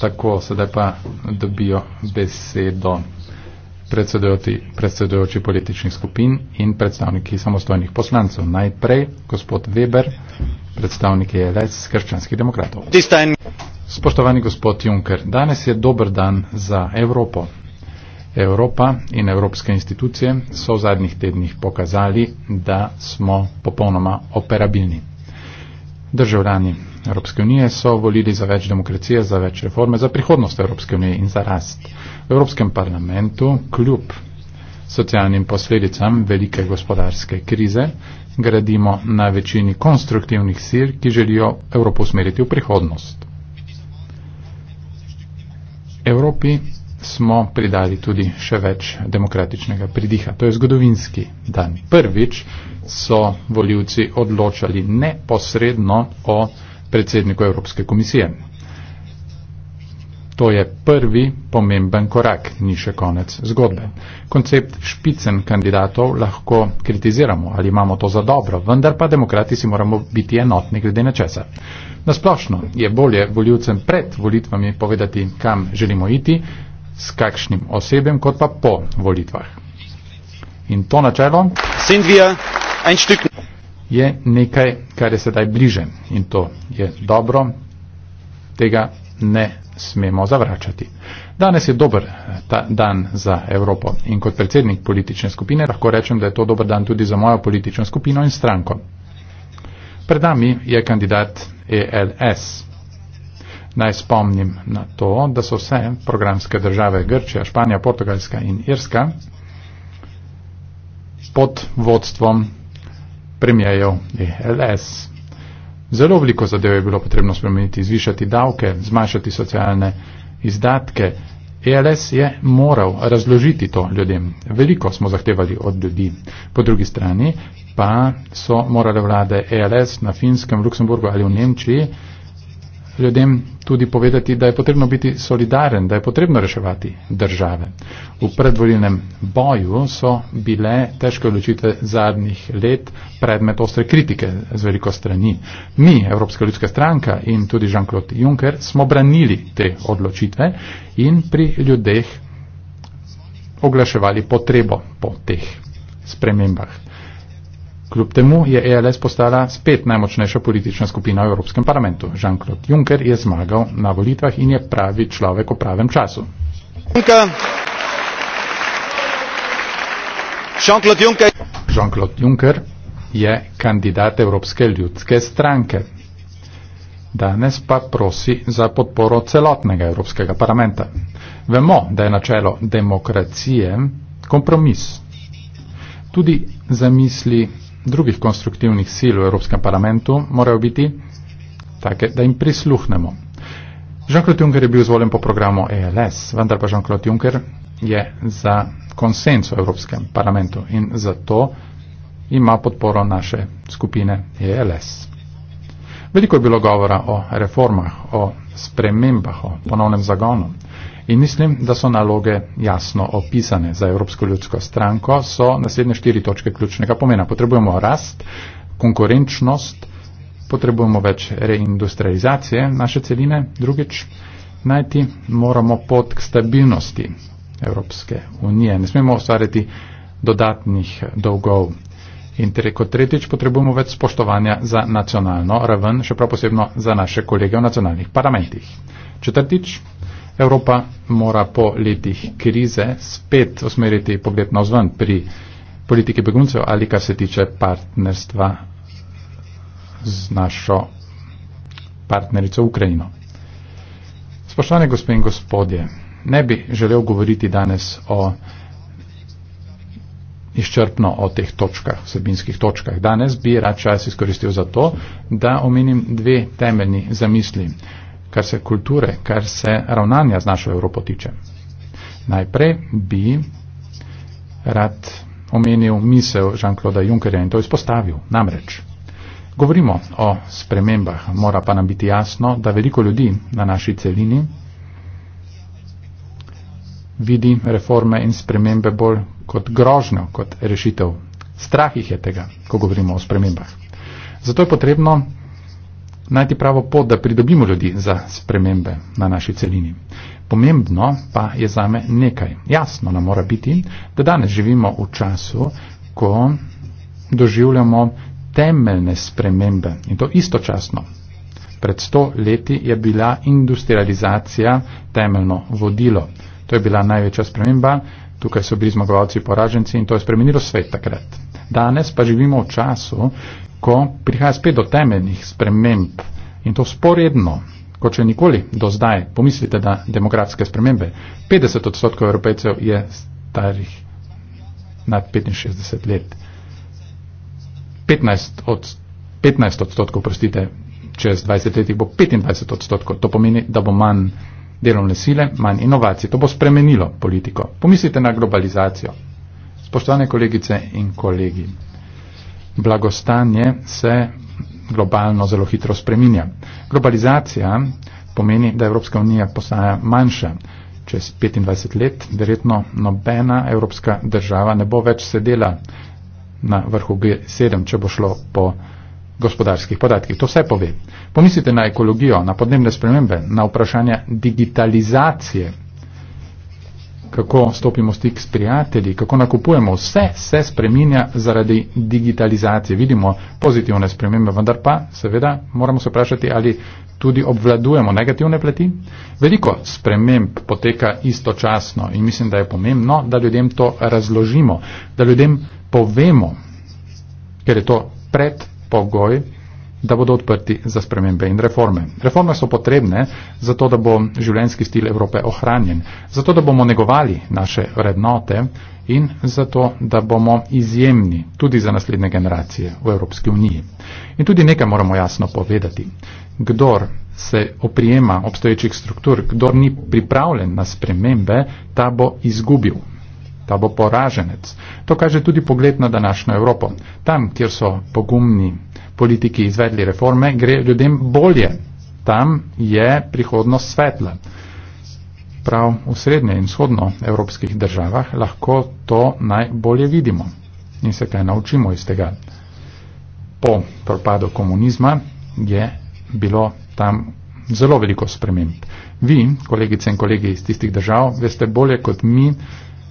Tako, sedaj pa dobijo besedo predsedujoči, predsedujoči političnih skupin in predstavniki samostojnih poslancev. Najprej gospod Weber, predstavnik ELS krščanskih demokratov. Spoštovani gospod Juncker, danes je dober dan za Evropo. Evropa in evropske institucije so v zadnjih tednih pokazali, da smo popolnoma operabilni. Državljani Evropske unije so volili za več demokracije, za več reforme, za prihodnost Evropske unije in za rast. V Evropskem parlamentu kljub socialnim posledicam velike gospodarske krize gradimo na večini konstruktivnih sir, ki želijo Evropo usmeriti v prihodnost. Evropi smo pridali tudi še več demokratičnega pridiha. To je zgodovinski dan. Prvič so voljivci odločali neposredno o predsedniku Evropske komisije. To je prvi pomemben korak, ni še konec zgodbe. Koncept špicen kandidatov lahko kritiziramo ali imamo to za dobro, vendar pa demokrati si moramo biti enotni glede nečesa. Nasplošno je bolje voljivcem pred volitvami povedati, kam želimo iti, s kakšnim osebjem, kot pa po volitvah. In to načelo je nekaj, kar je sedaj bliže in to je dobro, tega ne smemo zavračati. Danes je dober ta dan za Evropo in kot predsednik politične skupine lahko rečem, da je to dober dan tudi za mojo politično skupino in stranko. Pred nami je kandidat ELS. Naj spomnim na to, da so vse programske države Grčija, Španija, Portugalska in Irska pod vodstvom premijejev ELS. Zelo veliko zadev je bilo potrebno spremeniti, zvišati davke, zmanjšati socialne izdatke. ELS je moral razložiti to ljudem. Veliko smo zahtevali od ljudi. Po drugi strani pa so morale vlade ELS na Finskem, Luksemburgu ali v Nemčiji ljudem tudi povedati, da je potrebno biti solidaren, da je potrebno reševati države. V predvoljenem boju so bile težke odločitve zadnjih let predmet ostre kritike z veliko strani. Mi, Evropska ljudska stranka in tudi Jean-Claude Juncker, smo branili te odločitve in pri ljudeh oglaševali potrebo po teh spremembah. Kljub temu je ELS postala spet najmočnejša politična skupina v Evropskem parlamentu. Jean-Claude Juncker je zmagal na volitvah in je pravi človek v pravem času. Jean-Claude Juncker. Jean Juncker je kandidat Evropske ljudske stranke. Danes pa prosi za podporo celotnega Evropskega parlamenta. Vemo, da je načelo demokracije kompromis. Tudi zamisli drugih konstruktivnih sil v Evropskem parlamentu morajo biti take, da jim prisluhnemo. Jean-Claude Juncker je bil izvoljen po programu ELS, vendar pa Jean-Claude Juncker je za konsens v Evropskem parlamentu in zato ima podporo naše skupine ELS. Veliko je bilo govora o reformah, o spremembah, o ponovnem zagonu. In mislim, da so naloge jasno opisane. Za Evropsko ljudsko stranko so naslednje štiri točke ključnega pomena. Potrebujemo rast, konkurenčnost, potrebujemo več reindustrializacije naše celine. Drugič, najti moramo pot k stabilnosti Evropske unije. Ne smemo ustvariti dodatnih dolgov. In kot tretjič, potrebujemo več spoštovanja za nacionalno raven, še prav posebno za naše kolege v nacionalnih parlamentih. Četrtič, Evropa mora po letih krize spet usmeriti pogled navzven pri politiki beguncev ali kar se tiče partnerstva z našo partnerico Ukrajino. Spoštovane gospe in gospodje, ne bi želel govoriti danes o izčrpno o teh točkah, vsebinskih točkah. Danes bi rad čas izkoristil za to, da omenim dve temeljni zamisli kar se kulture, kar se ravnanja z našo Evropo tiče. Najprej bi rad omenil misel Jean-Claude Junckerja in to izpostavil. Namreč, govorimo o spremembah, mora pa nam biti jasno, da veliko ljudi na naši celini vidi reforme in spremembe bolj kot grožnjo, kot rešitev. Strah jih je tega, ko govorimo o spremembah. Zato je potrebno najti pravo pot, da pridobimo ljudi za spremembe na naši celini. Pomembno pa je za me nekaj. Jasno nam mora biti, da danes živimo v času, ko doživljamo temeljne spremembe in to istočasno. Pred sto leti je bila industrializacija temeljno vodilo. To je bila največja sprememba, tukaj so bili zmagovalci poraženci in to je spremenilo svet takrat. Danes pa živimo v času, tako prihaja spet do temeljnih sprememb in to sporedno, kot če nikoli do zdaj pomislite, da demografske spremembe. 50 odstotkov evropejcev je starih nad 65 let. 15, od, 15 odstotkov, prostite, čez 20 let bo 25 odstotkov. To pomeni, da bo manj delovne sile, manj inovacij. To bo spremenilo politiko. Pomislite na globalizacijo. Spoštovane kolegice in kolegi blagostanje se globalno zelo hitro spreminja. Globalizacija pomeni, da Evropska unija postaja manjša. Čez 25 let verjetno nobena evropska država ne bo več sedela na vrhu G7, če bo šlo po gospodarskih podatkih. To vse pove. Pomislite na ekologijo, na podnebne spremembe, na vprašanja digitalizacije kako stopimo stik s prijatelji, kako nakupujemo, vse se spreminja zaradi digitalizacije. Vidimo pozitivne spremembe, vendar pa seveda moramo se vprašati, ali tudi obvladujemo negativne plati. Veliko sprememb poteka istočasno in mislim, da je pomembno, da ljudem to razložimo, da ljudem povemo, ker je to predpogoj da bodo odprti za spremembe in reforme. Reforme so potrebne zato, da bo življenjski stil Evrope ohranjen, zato, da bomo negovali naše vrednote in zato, da bomo izjemni tudi za naslednje generacije v Evropski uniji. In tudi nekaj moramo jasno povedati. Kdor se oprijema obstoječih struktur, kdor ni pripravljen na spremembe, ta bo izgubil. Ta bo poraženec. To kaže tudi pogled na današnjo Evropo. Tam, kjer so pogumni politiki izvedli reforme, gre ljudem bolje. Tam je prihodnost svetla. Prav v srednje in vzhodno evropskih državah lahko to najbolje vidimo in se kaj naučimo iz tega. Po propadu komunizma je bilo tam zelo veliko sprememb. Vi, kolegice in kolegi iz tistih držav, veste bolje kot mi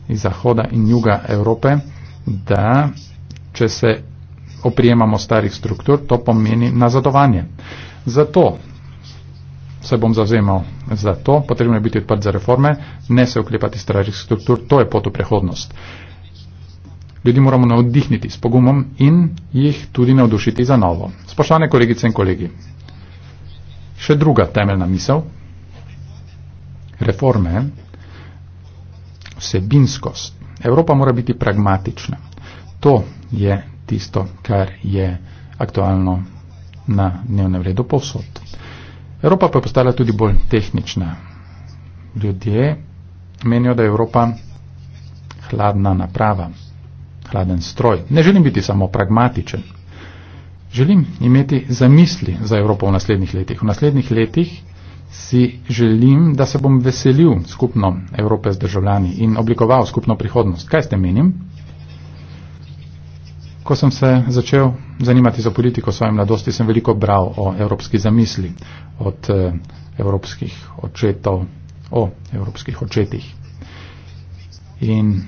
iz Zahoda in Juga Evrope, da če se oprijemamo starih struktur, to pomeni nazadovanje. Zato se bom zavzemal za to, potrebno je biti odprt za reforme, ne se oklepati starih struktur, to je pot v prehodnost. Ljudi moramo navdihniti s pogumom in jih tudi navdušiti za novo. Spoštovane kolegice in kolegi, še druga temeljna misel. Reforme, vsebinskost. Evropa mora biti pragmatična. To je tisto, kar je aktualno na dnevnem redu povsod. Evropa pa je postala tudi bolj tehnična. Ljudje menijo, da je Evropa hladna naprava, hladen stroj. Ne želim biti samo pragmatičen. Želim imeti zamisli za Evropo v naslednjih letih. V naslednjih letih si želim, da se bom veselil skupno Evrope z državljani in oblikoval skupno prihodnost. Kaj ste menim? Ko sem se začel zanimati za politiko svoje mladosti, sem veliko bral o evropski zamisli, od eh, evropskih očetov, o evropskih očetih. In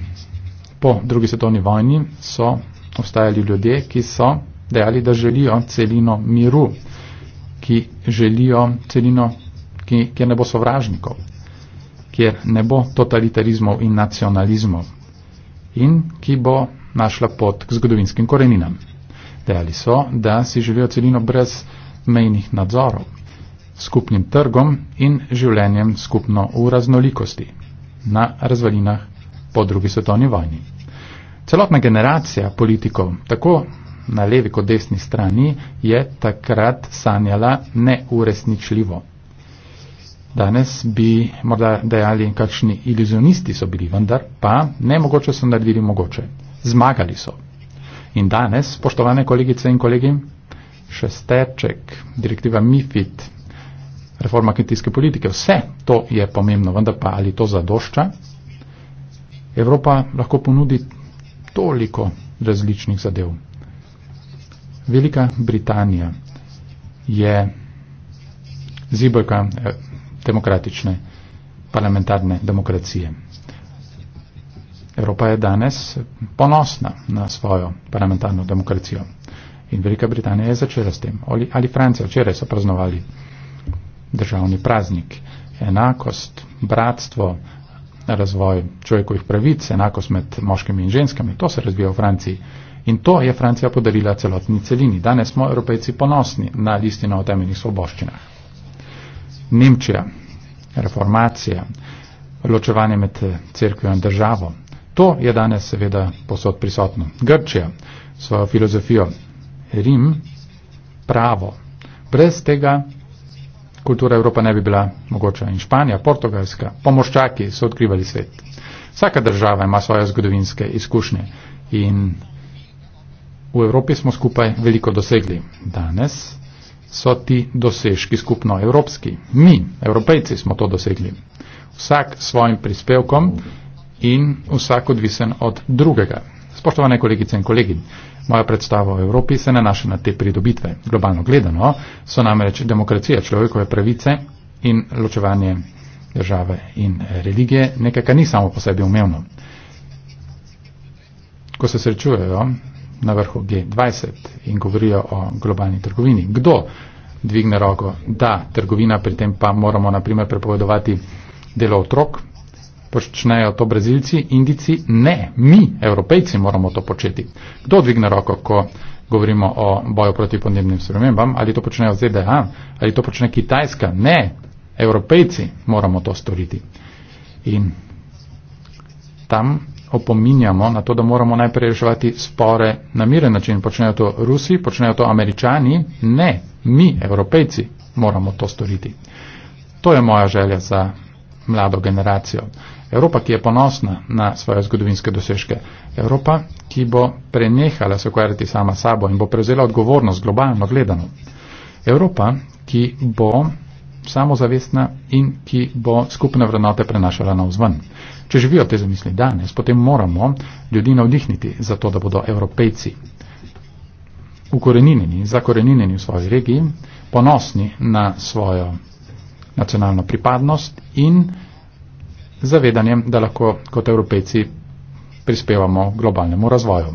po drugi svetovni vojni so obstajali ljudje, ki so dejali, da želijo celino miru, ki želijo celino, ki, kjer ne bo sovražnikov, kjer ne bo totalitarizmov in nacionalizmov in ki bo našla pot k zgodovinskim koreninam. Dejali so, da si želijo celino brez mejnih nadzorov, skupnim trgom in življenjem skupno v raznolikosti na razvalinah po drugi svetovni vojni. Celotna generacija politikov, tako na levi kot desni strani, je takrat sanjala neuresničljivo. Danes bi morda dejali, kakšni iluzionisti so bili, vendar pa nemogoče so naredili mogoče zmagali so. In danes, spoštovane kolegice in kolegi, šesteček, direktiva MIFID, reforma kmetijske politike, vse to je pomembno, vendar pa ali to zadošča, Evropa lahko ponudi toliko različnih zadev. Velika Britanija je zibelka eh, demokratične parlamentarne demokracije. Evropa je danes ponosna na svojo parlamentarno demokracijo. In Velika Britanija je začela s tem. Ali, ali Francija včeraj so praznovali državni praznik. Enakost, bratstvo, razvoj človekovih pravic, enakost med moškimi in ženskami, to se razvija v Franciji. In to je Francija podarila celotni celini. Danes smo evropejci ponosni na listino o temeljnih svoboščinah. Nemčija, reformacija, ločevanje med crkvijo in državo, To je danes seveda posod prisotno. Grčija, svojo filozofijo, Rim, pravo. Brez tega kultura Evropa ne bi bila mogoča. In Španija, Portugalska, pomoščaki so odkrivali svet. Vsaka država ima svoje zgodovinske izkušnje in v Evropi smo skupaj veliko dosegli. Danes so ti dosežki skupno evropski. Mi, evropejci, smo to dosegli. Vsak svojim prispevkom. Okay in vsak odvisen od drugega. Spoštovane kolegice in kolegi, moja predstava o Evropi se nanaša na te pridobitve. Globalno gledano so namreč demokracija, človekove pravice in ločevanje države in religije nekaj, kar ni samo po sebi umevno. Ko se srečujejo na vrhu G20 in govorijo o globalni trgovini, kdo dvigne roko, da trgovina, pri tem pa moramo naprimer prepovedovati delo otrok, počnejo to brazilci, indici, ne, mi, evropejci, moramo to početi. Kdo dvigne roko, ko govorimo o boju proti podnebnim spremembam, ali to počnejo ZDA, ali to počne Kitajska, ne, evropejci moramo to storiti. In tam opominjamo na to, da moramo najprej reševati spore na miren način. Počnejo to Rusi, počnejo to Američani, ne, mi, evropejci, moramo to storiti. To je moja želja za mlado generacijo. Evropa, ki je ponosna na svoje zgodovinske dosežke. Evropa, ki bo prenehala se ukvarjati sama sabo in bo prevzela odgovornost globalno gledano. Evropa, ki bo samozavestna in ki bo skupne vrednote prenašala na vzven. Če živijo te zamisli danes, potem moramo ljudi navdihniti za to, da bodo evropejci ukorenjeni, zakorenjeni v svoji regiji, ponosni na svojo nacionalno pripadnost in zavedanjem, da lahko kot evropejci prispevamo globalnemu razvoju.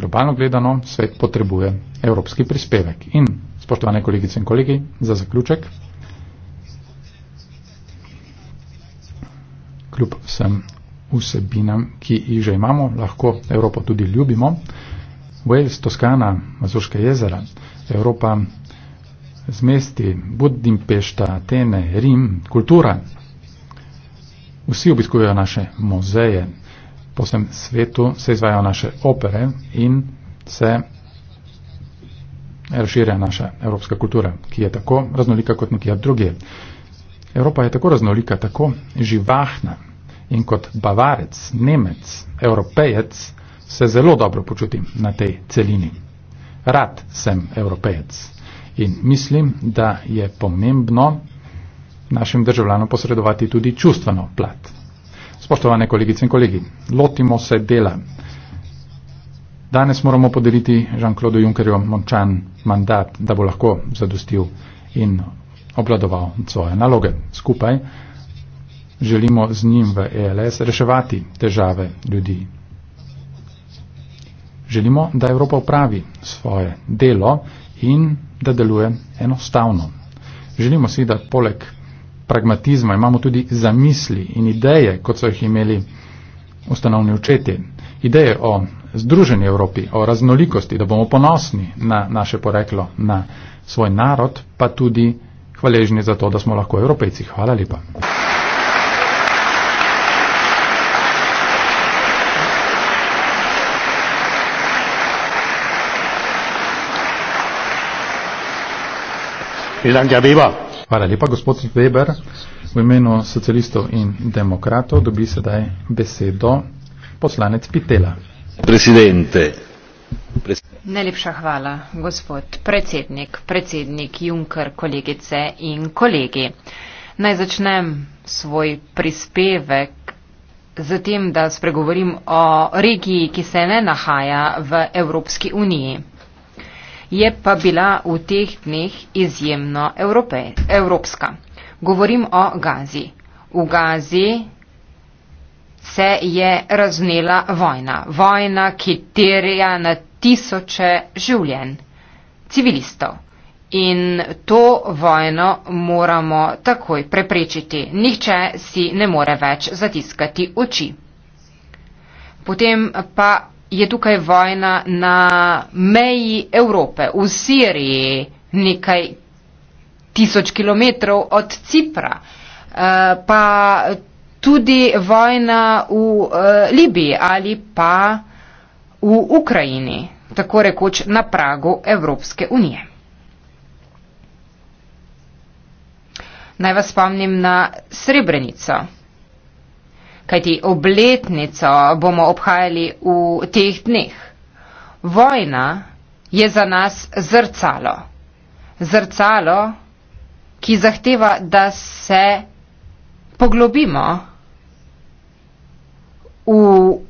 Globalno gledano svet potrebuje evropski prispevek. In, spoštovane kolegice in kolegi, za zaključek, kljub vsem vsebinam, ki jih že imamo, lahko Evropo tudi ljubimo. Wales, Toskana, Mazurske jezera, Evropa zmesti Budimpešta, Atene, Rim, kultura. Vsi obiskujejo naše muzeje, po vsem svetu se izvajo naše opere in se razširja naša evropska kultura, ki je tako raznolika kot nekje druge. Evropa je tako raznolika, tako živahna in kot bavarec, nemec, evropejec se zelo dobro počutim na tej celini. Rad sem evropejec. In mislim, da je pomembno našim državljanom posredovati tudi čustveno plat. Spoštovane kolegice in kolegi, lotimo se dela. Danes moramo podeliti Jean-Claude Junckerju Mončan mandat, da bo lahko zadostil in obladoval svoje naloge. Skupaj želimo z njim v ELS reševati težave ljudi. Želimo, da Evropa upravi svoje delo in da deluje enostavno. Želimo si, da poleg pragmatizma imamo tudi zamisli in ideje, kot so jih imeli ustanovni očeti. Ideje o združeni Evropi, o raznolikosti, da bomo ponosni na naše poreklo, na svoj narod, pa tudi hvaležni za to, da smo lahko evropejci. Hvala lepa. Vielen Dank, Herr Weber. Hvala lepa, gospod Weber. V imenu socialistov in demokratov dobi sedaj besedo poslanec Pitela. Presidente. Najlepša hvala, gospod predsednik, predsednik Juncker, kolegice in kolegi. Naj začnem svoj prispevek z tem, da spregovorim o regiji, ki se ne nahaja v Evropski uniji je pa bila v teh dneh izjemno evropej, evropska. Govorim o Gazi. V Gazi se je raznela vojna. Vojna, ki terja na tisoče življenj civilistov. In to vojno moramo takoj preprečiti. Nihče si ne more več zatiskati oči. Potem pa je tukaj vojna na meji Evrope, v Siriji, nekaj tisoč kilometrov od Cipra, eh, pa tudi vojna v eh, Libiji ali pa v Ukrajini, tako rekoč na pragu Evropske unije. Naj vas spomnim na Srebrenico kajti obletnico bomo obhajali v teh dneh. Vojna je za nas zrcalo. Zrcalo, ki zahteva, da se poglobimo v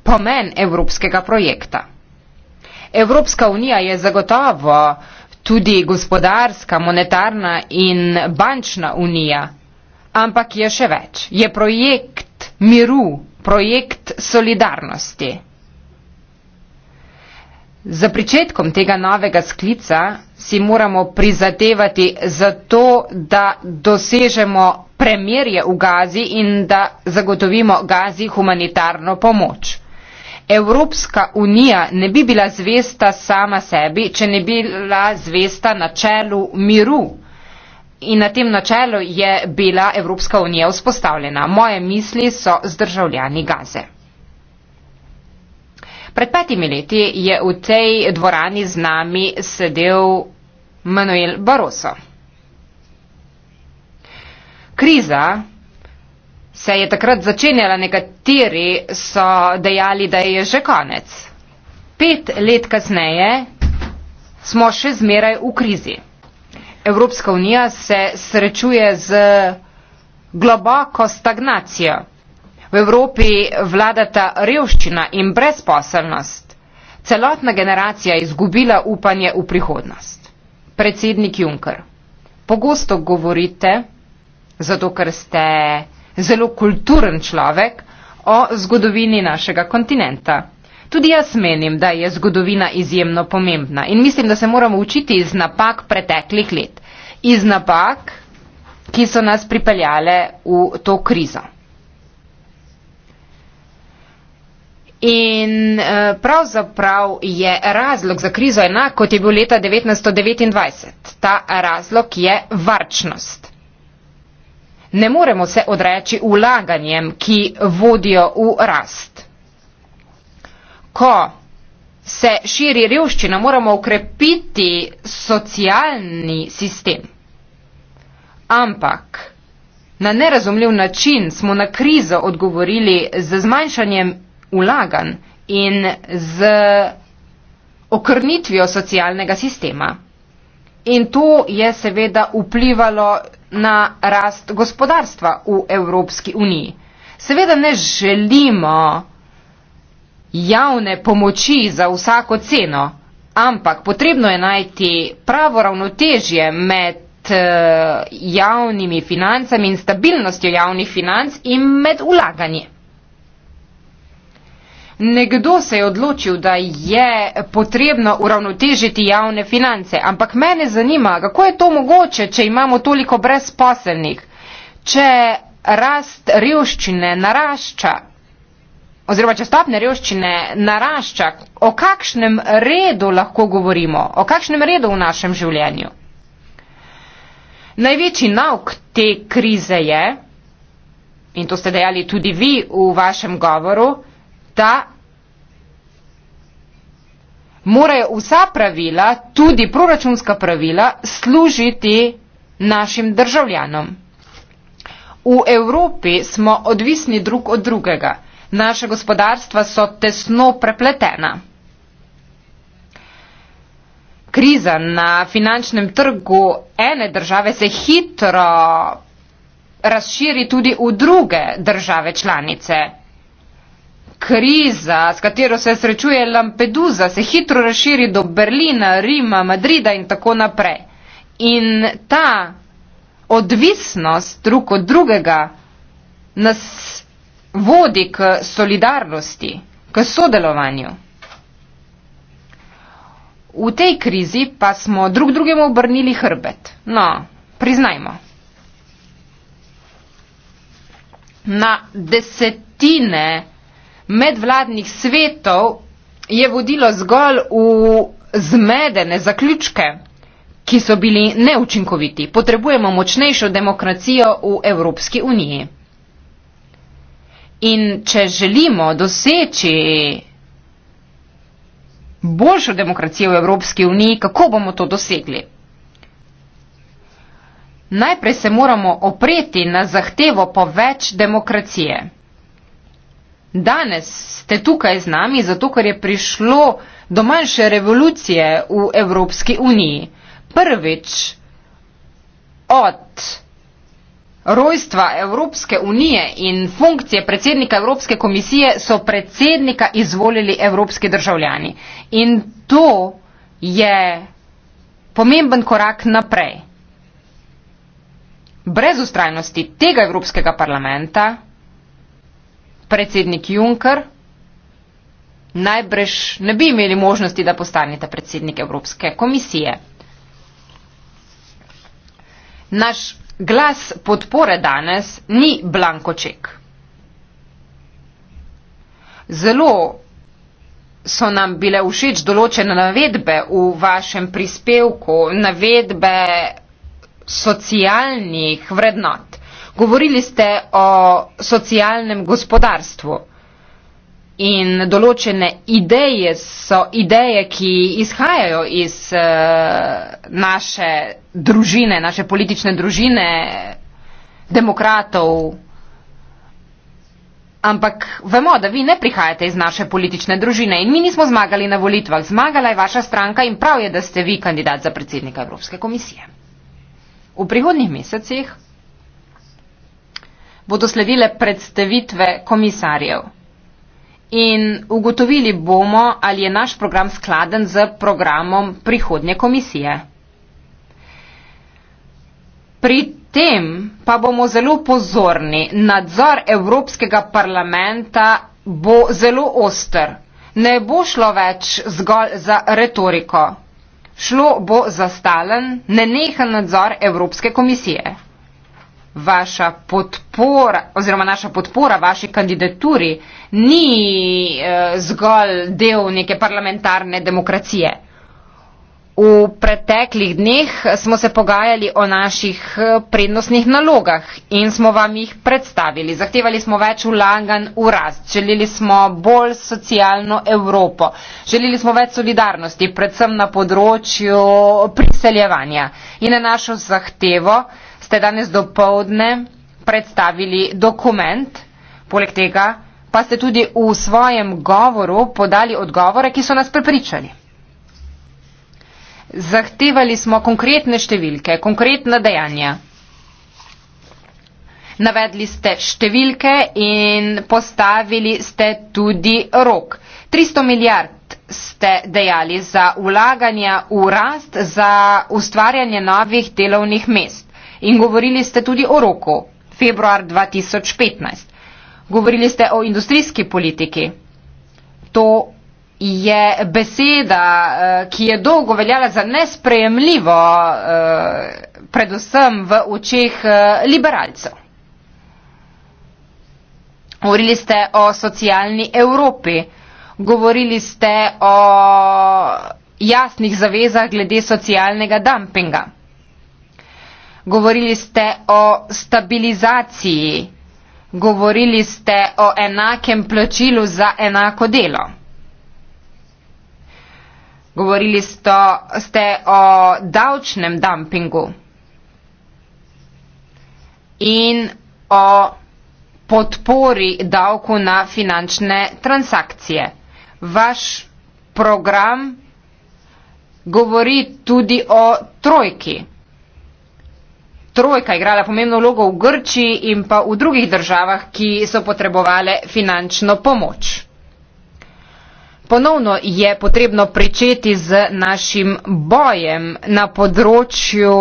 pomen evropskega projekta. Evropska unija je zagotovo tudi gospodarska, monetarna in bančna unija, ampak je še več. Je projekt miru, projekt solidarnosti. Za pričetkom tega novega sklica si moramo prizadevati za to, da dosežemo premirje v Gazi in da zagotovimo Gazi humanitarno pomoč. Evropska unija ne bi bila zvesta sama sebi, če ne bi bila zvesta na čelu miru in na tem načelu je bila Evropska unija vzpostavljena. Moje misli so z državljani Gaze. Pred petimi leti je v tej dvorani z nami sedel Manuel Barroso. Kriza se je takrat začenjala, nekateri so dejali, da je že konec. Pet let kasneje smo še zmeraj v krizi. Evropska unija se srečuje z globoko stagnacijo. V Evropi vladata revščina in brezposelnost. Celotna generacija je izgubila upanje v prihodnost. Predsednik Juncker, pogosto govorite, zato ker ste zelo kulturen človek, o zgodovini našega kontinenta. Tudi jaz menim, da je zgodovina izjemno pomembna in mislim, da se moramo učiti iz napak preteklih let, iz napak, ki so nas pripeljale v to krizo. In eh, pravzaprav je razlog za krizo enak, kot je bil leta 1929. Ta razlog je varčnost. Ne moremo se odreči vlaganjem, ki vodijo v rast ko se širi revščina, moramo ukrepiti socialni sistem. Ampak na nerazumljiv način smo na krizo odgovorili z zmanjšanjem ulagan in z okrnitvijo socialnega sistema. In to je seveda vplivalo na rast gospodarstva v Evropski uniji. Seveda ne želimo javne pomoči za vsako ceno, ampak potrebno je najti pravo ravnotežje med eh, javnimi financami in stabilnostjo javnih financ in med ulaganje. Nekdo se je odločil, da je potrebno uravnotežiti javne finance, ampak mene zanima, kako je to mogoče, če imamo toliko brezposelnih, če rast revščine narašča, oziroma če stopnja revščine narašča, o kakšnem redu lahko govorimo, o kakšnem redu v našem življenju. Največji nauk te krize je, in to ste dejali tudi vi v vašem govoru, da morajo vsa pravila, tudi proračunska pravila, služiti našim državljanom. V Evropi smo odvisni drug od drugega naša gospodarstva so tesno prepletena. Kriza na finančnem trgu ene države se hitro razširi tudi v druge države članice. Kriza, s katero se srečuje Lampedusa, se hitro razširi do Berlina, Rima, Madrida in tako naprej. In ta odvisnost drug od drugega nas vodi k solidarnosti, k sodelovanju. V tej krizi pa smo drug drugemu obrnili hrbet. No, priznajmo. Na desetine medvladnih svetov je vodilo zgolj v zmedene zaključke, ki so bili neučinkoviti. Potrebujemo močnejšo demokracijo v Evropski uniji. In če želimo doseči boljšo demokracijo v Evropski uniji, kako bomo to dosegli? Najprej se moramo opreti na zahtevo po več demokracije. Danes ste tukaj z nami, zato ker je prišlo do manjše revolucije v Evropski uniji. Prvič od rojstva Evropske unije in funkcije predsednika Evropske komisije so predsednika izvolili evropski državljani. In to je pomemben korak naprej. Brez ustrajnosti tega Evropskega parlamenta predsednik Juncker najbrž ne bi imeli možnosti, da postanete predsednik Evropske komisije. Naš Glas podpore danes ni blankoček. Zelo so nam bile všeč določene navedbe v vašem prispevku, navedbe socialnih vrednot. Govorili ste o socialnem gospodarstvu in določene ideje so ideje, ki izhajajo iz uh, naše družine, naše politične družine, demokratov. Ampak vemo, da vi ne prihajate iz naše politične družine in mi nismo zmagali na volitvah. Zmagala je vaša stranka in prav je, da ste vi kandidat za predsednika Evropske komisije. V prihodnih mesecih bodo sledile predstavitve komisarjev in ugotovili bomo, ali je naš program skladen z programom prihodnje komisije. Pri tem pa bomo zelo pozorni. Nadzor Evropskega parlamenta bo zelo oster. Ne bo šlo več zgolj za retoriko. Šlo bo za stalen, nenehen nadzor Evropske komisije vaša podpora oziroma naša podpora vaši kandidaturi ni eh, zgolj del neke parlamentarne demokracije. V preteklih dneh smo se pogajali o naših eh, prednostnih nalogah in smo vam jih predstavili. Zahtevali smo več vlagan v rast, želeli smo bolj socialno Evropo, želeli smo več solidarnosti, predvsem na področju priseljevanja. In na našo zahtevo ste danes do povdne predstavili dokument, poleg tega pa ste tudi v svojem govoru podali odgovore, ki so nas prepričali. Zahtevali smo konkretne številke, konkretna dejanja. Navedli ste številke in postavili ste tudi rok. 300 milijard ste dejali za ulaganja v rast, za ustvarjanje novih delovnih mest in govorili ste tudi o roku, februar 2015. Govorili ste o industrijski politiki. To je beseda, eh, ki je dolgo veljala za nesprejemljivo, eh, predvsem v očeh eh, liberalcev. Govorili ste o socialni Evropi, govorili ste o jasnih zavezah glede socialnega dumpinga govorili ste o stabilizaciji, govorili ste o enakem plačilu za enako delo. Govorili sto, ste o davčnem dumpingu in o podpori davku na finančne transakcije. Vaš program govori tudi o trojki trojka igrala pomembno vlogo v Grčiji in pa v drugih državah, ki so potrebovale finančno pomoč. Ponovno je potrebno pričeti z našim bojem na področju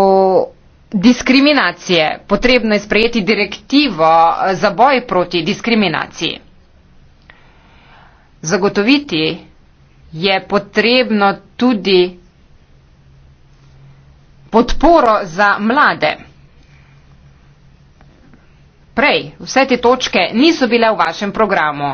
diskriminacije. Potrebno je sprejeti direktivo za boj proti diskriminaciji. Zagotoviti je potrebno tudi podporo za mlade. Prej vse te točke niso bile v vašem programu,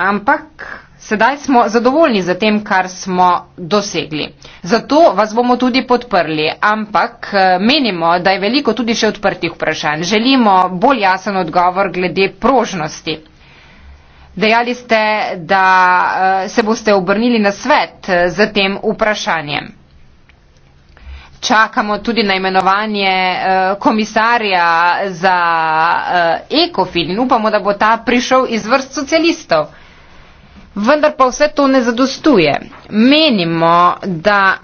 ampak sedaj smo zadovoljni za tem, kar smo dosegli. Zato vas bomo tudi podprli, ampak eh, menimo, da je veliko tudi še odprtih vprašanj. Želimo bolj jasen odgovor glede prožnosti. Dejali ste, da eh, se boste obrnili na svet eh, z tem vprašanjem čakamo tudi na imenovanje eh, komisarja za ekofin eh, in upamo, da bo ta prišel iz vrst socialistov. Vendar pa vse to ne zadostuje. Menimo, da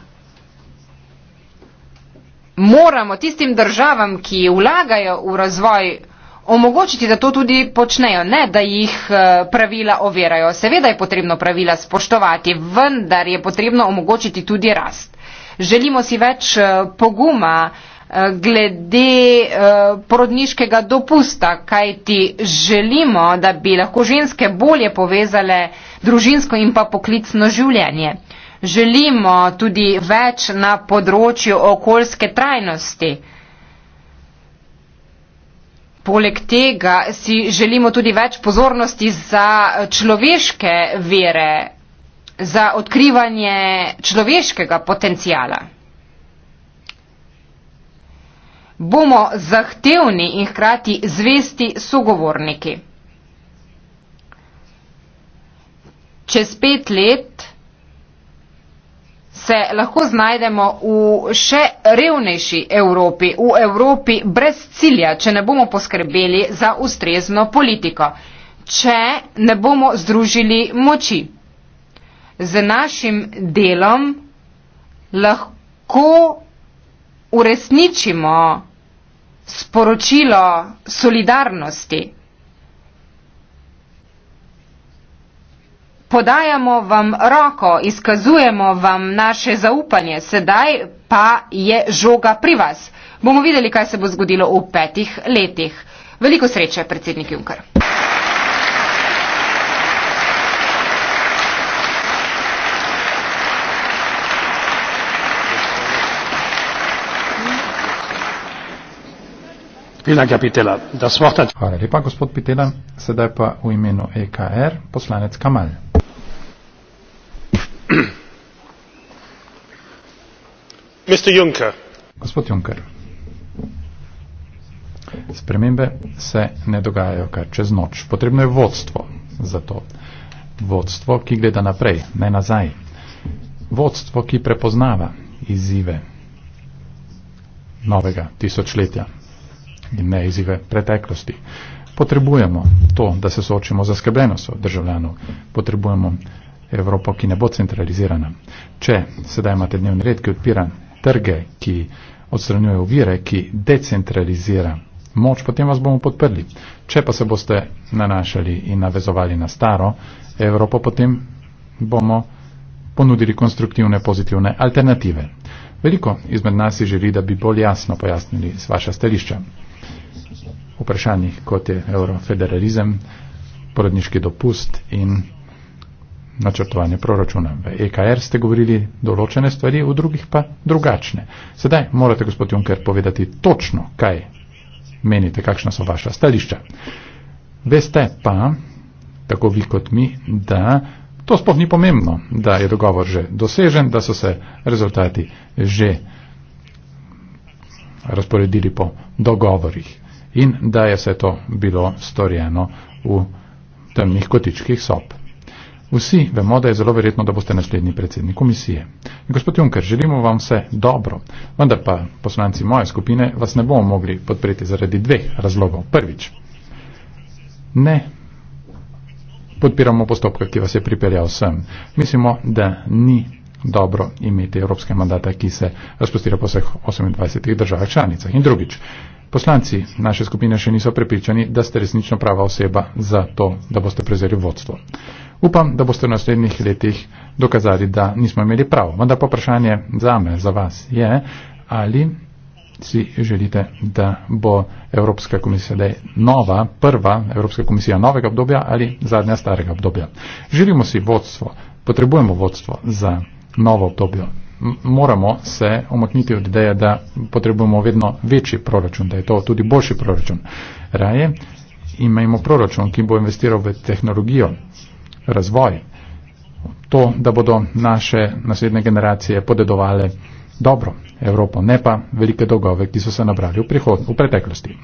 moramo tistim državam, ki vlagajo v razvoj, omogočiti, da to tudi počnejo, ne da jih eh, pravila ovirajo. Seveda je potrebno pravila spoštovati, vendar je potrebno omogočiti tudi rast želimo si več eh, poguma eh, glede eh, porodniškega dopusta, kaj ti želimo, da bi lahko ženske bolje povezale družinsko in pa poklicno življenje. Želimo tudi več na področju okoljske trajnosti. Poleg tega si želimo tudi več pozornosti za človeške vere, za odkrivanje človeškega potencijala. Bomo zahtevni in hkrati zvesti sogovorniki. Čez pet let se lahko znajdemo v še revnejši Evropi, v Evropi brez cilja, če ne bomo poskrbeli za ustrezno politiko, če ne bomo združili moči z našim delom lahko uresničimo sporočilo solidarnosti. Podajamo vam roko, izkazujemo vam naše zaupanje, sedaj pa je žoga pri vas. Bomo videli, kaj se bo zgodilo v petih letih. Veliko sreče, predsednik Junker. Hvala lepa, gospod Pitela. Sedaj pa v imenu EKR poslanec Kamal. Gospod Juncker, spremembe se ne dogajajo kar čez noč. Potrebno je vodstvo za to. Vodstvo, ki gleda naprej, ne nazaj. Vodstvo, ki prepoznava izzive novega tisočletja in ne izive preteklosti. Potrebujemo to, da se soočimo z zaskrbljenostjo državljanov. Potrebujemo Evropo, ki ne bo centralizirana. Če sedaj imate dnevni red, ki odpira trge, ki odstranjuje ovire, ki decentralizira moč, potem vas bomo podprli. Če pa se boste nanašali in navezovali na staro Evropo, potem bomo ponudili konstruktivne, pozitivne alternative. Veliko izmed nas si želi, da bi bolj jasno pojasnili vaše stališča vprašanjih, kot je eurofederalizem, porodniški dopust in načrtovanje proračuna. V EKR ste govorili določene stvari, v drugih pa drugačne. Sedaj morate, gospod Juncker, povedati točno, kaj menite, kakšna so vaša stališča. Veste pa, tako vi kot mi, da to sploh ni pomembno, da je dogovor že dosežen, da so se rezultati že razporedili po dogovorih in da je vse to bilo storjeno v temnih kotičkih sob. Vsi vemo, da je zelo verjetno, da boste naslednji predsednik komisije. In gospod Juncker, želimo vam vse dobro, vendar pa poslanci moje skupine vas ne bomo mogli podpreti zaradi dveh razlogov. Prvič, ne podpiramo postopka, ki vas je pripeljal sem. Mislimo, da ni dobro imeti evropske mandate, ki se razpostira po vseh 28 državah članicah. In drugič, Poslanci naše skupine še niso prepričani, da ste resnično prava oseba za to, da boste prezeli vodstvo. Upam, da boste v naslednjih letih dokazali, da nismo imeli prav. Vendar pa vprašanje za me, za vas je, ali si želite, da bo Evropska komisija le nova, prva Evropska komisija novega obdobja ali zadnja starega obdobja. Želimo si vodstvo, potrebujemo vodstvo za novo obdobje moramo se omakniti od ideje, da potrebujemo vedno večji proračun, da je to tudi boljši proračun. Raje imajmo proračun, ki bo investiral v tehnologijo, razvoj, to, da bodo naše naslednje generacije podedovale dobro Evropo, ne pa velike dolgove, ki so se nabrali v, prihod, v preteklosti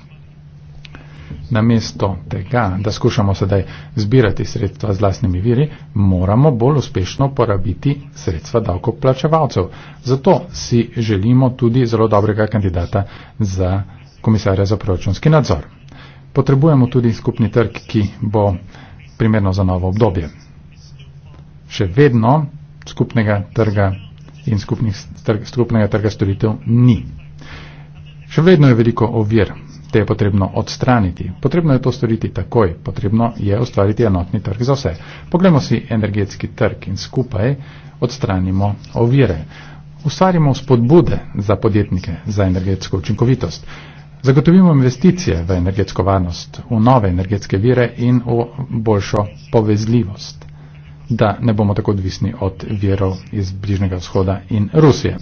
namesto tega, da skušamo sedaj zbirati sredstva z vlastnimi viri, moramo bolj uspešno porabiti sredstva davkoplačevalcev. Zato si želimo tudi zelo dobrega kandidata za komisarja za proračunski nadzor. Potrebujemo tudi skupni trg, ki bo primerno za novo obdobje. Še vedno skupnega trga in skupnih, trg, skupnega trga storitev ni. Še vedno je veliko ovir Te je potrebno odstraniti. Potrebno je to storiti takoj. Potrebno je ustvariti enotni trg za vse. Poglejmo si energetski trg in skupaj odstranimo ovire. Ustvarimo spodbude za podjetnike za energetsko učinkovitost. Zagotovimo investicije v energetsko varnost, v nove energetske vire in v boljšo povezljivost, da ne bomo tako odvisni od virov iz Bližnjega vzhoda in Rusije.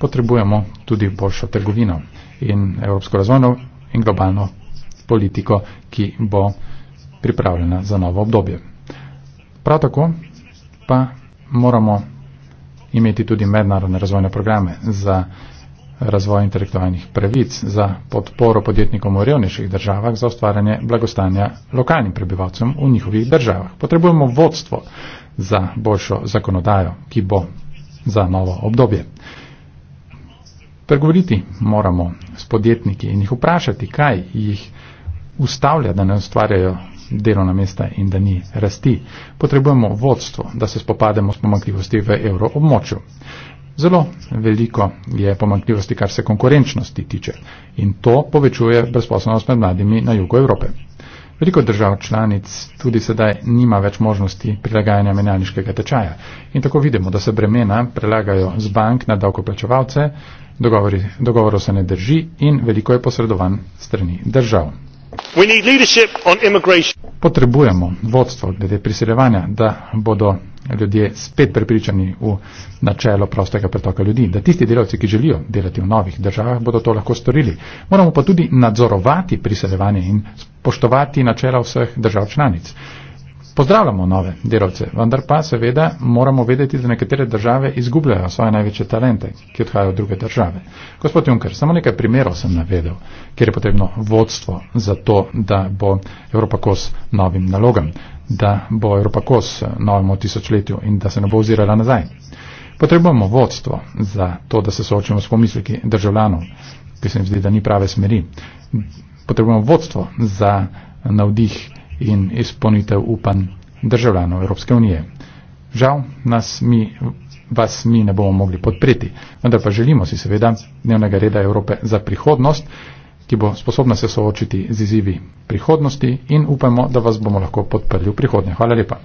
Potrebujemo tudi boljšo trgovino in Evropsko razvojno in globalno politiko, ki bo pripravljena za novo obdobje. Prav tako pa moramo imeti tudi mednarodne razvojne programe za razvoj intelektualnih pravic, za podporo podjetnikom v revnejših državah, za ustvarjanje blagostanja lokalnim prebivalcem v njihovih državah. Potrebujemo vodstvo za boljšo zakonodajo, ki bo za novo obdobje. Pregovoriti moramo s podjetniki in jih vprašati, kaj jih ustavlja, da ne ustvarjajo delovna mesta in da ni rasti. Potrebujemo vodstvo, da se spopademo s pomankljivosti v evroobmočju. Zelo veliko je pomankljivosti, kar se konkurenčnosti tiče in to povečuje brezposobnost med mladimi na jugu Evrope. Veliko držav članic tudi sedaj nima več možnosti prilagajanja menjalniškega tečaja in tako vidimo, da se bremena prelagajo z bank na davkoplačevalce, Dogovori, dogovorov se ne drži in veliko je posredovan strani držav. Potrebujemo vodstvo glede priseljevanja, da bodo ljudje spet prepričani v načelo prostega pretoka ljudi, da tisti delavci, ki želijo delati v novih državah, bodo to lahko storili. Moramo pa tudi nadzorovati priseljevanje in spoštovati načela vseh držav članic pozdravljamo nove delavce, vendar pa seveda moramo vedeti, da nekatere države izgubljajo svoje največje talente, ki odhajajo v druge države. Gospod Juncker, samo nekaj primerov sem navedel, kjer je potrebno vodstvo za to, da bo Evropa kos novim nalogam, da bo Evropa kos novemu tisočletju in da se ne bo ozirala nazaj. Potrebujemo vodstvo za to, da se soočimo s pomisliki državljanov, ki se jim zdi, da ni prave smeri. Potrebujemo vodstvo za navdih in izpolnitev upanj državljanov Evropske unije. Žal nas mi, vas mi ne bomo mogli podpreti, vendar pa želimo si seveda dnevnega reda Evrope za prihodnost, ki bo sposobna se soočiti z izzivi prihodnosti in upamo, da vas bomo lahko podprli v prihodnje. Hvala lepa.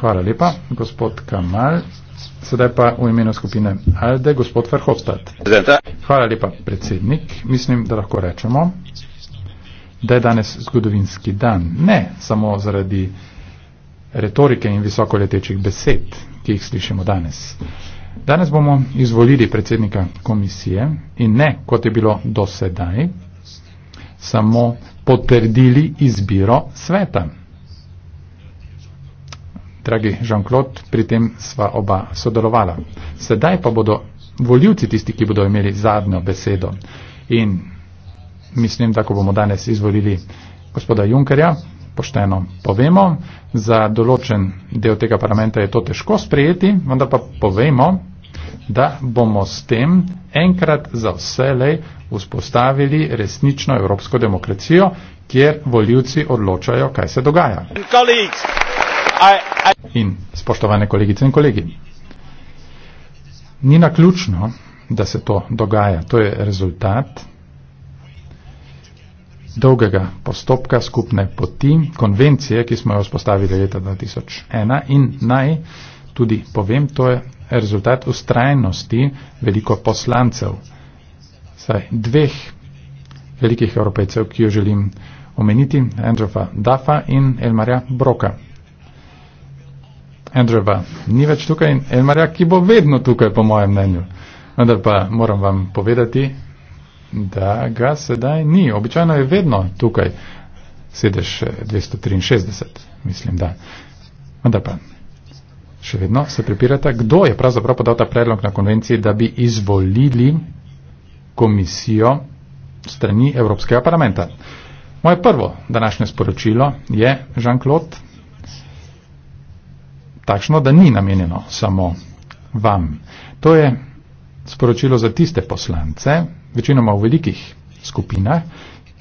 Hvala lepa, gospod Kamal. Sedaj pa v imenu skupine Alde, gospod Verhofstadt. Hvala lepa, predsednik. Mislim, da lahko rečemo, da je danes zgodovinski dan. Ne samo zaradi retorike in visokoletečih besed, ki jih slišimo danes. Danes bomo izvolili predsednika komisije in ne, kot je bilo do sedaj, samo potrdili izbiro sveta dragi Jean-Claude, pri tem sva oba sodelovala. Sedaj pa bodo voljivci tisti, ki bodo imeli zadnjo besedo. In mislim, da ko bomo danes izvolili gospoda Junkerja, pošteno povemo, za določen del tega parlamenta je to težko sprejeti, vendar pa povemo, da bomo s tem enkrat za vselej vzpostavili resnično evropsko demokracijo, kjer voljivci odločajo, kaj se dogaja. Kolegi! In spoštovane kolegice in kolegi, ni naključno, da se to dogaja. To je rezultat dolgega postopka skupne poti, konvencije, ki smo jo vzpostavili leta 2001 in naj tudi povem, to je rezultat ustrajnosti veliko poslancev, saj dveh velikih evropejcev, ki jo želim omeniti, Andrefa Dafa in Elmarja Broka. Andrew pa ni več tukaj in Elmarja, ki bo vedno tukaj, po mojem mnenju. Vendar pa moram vam povedati, da ga sedaj ni. Običajno je vedno tukaj, sedež 263, eh, mislim, da. Vendar pa še vedno se prepirate, kdo je pravzaprav podal ta predlog na konvenciji, da bi izvolili komisijo strani Evropskega parlamenta. Moje prvo današnje sporočilo je Jean-Claude takšno, da ni namenjeno samo vam. To je sporočilo za tiste poslance, večinoma v velikih skupinah,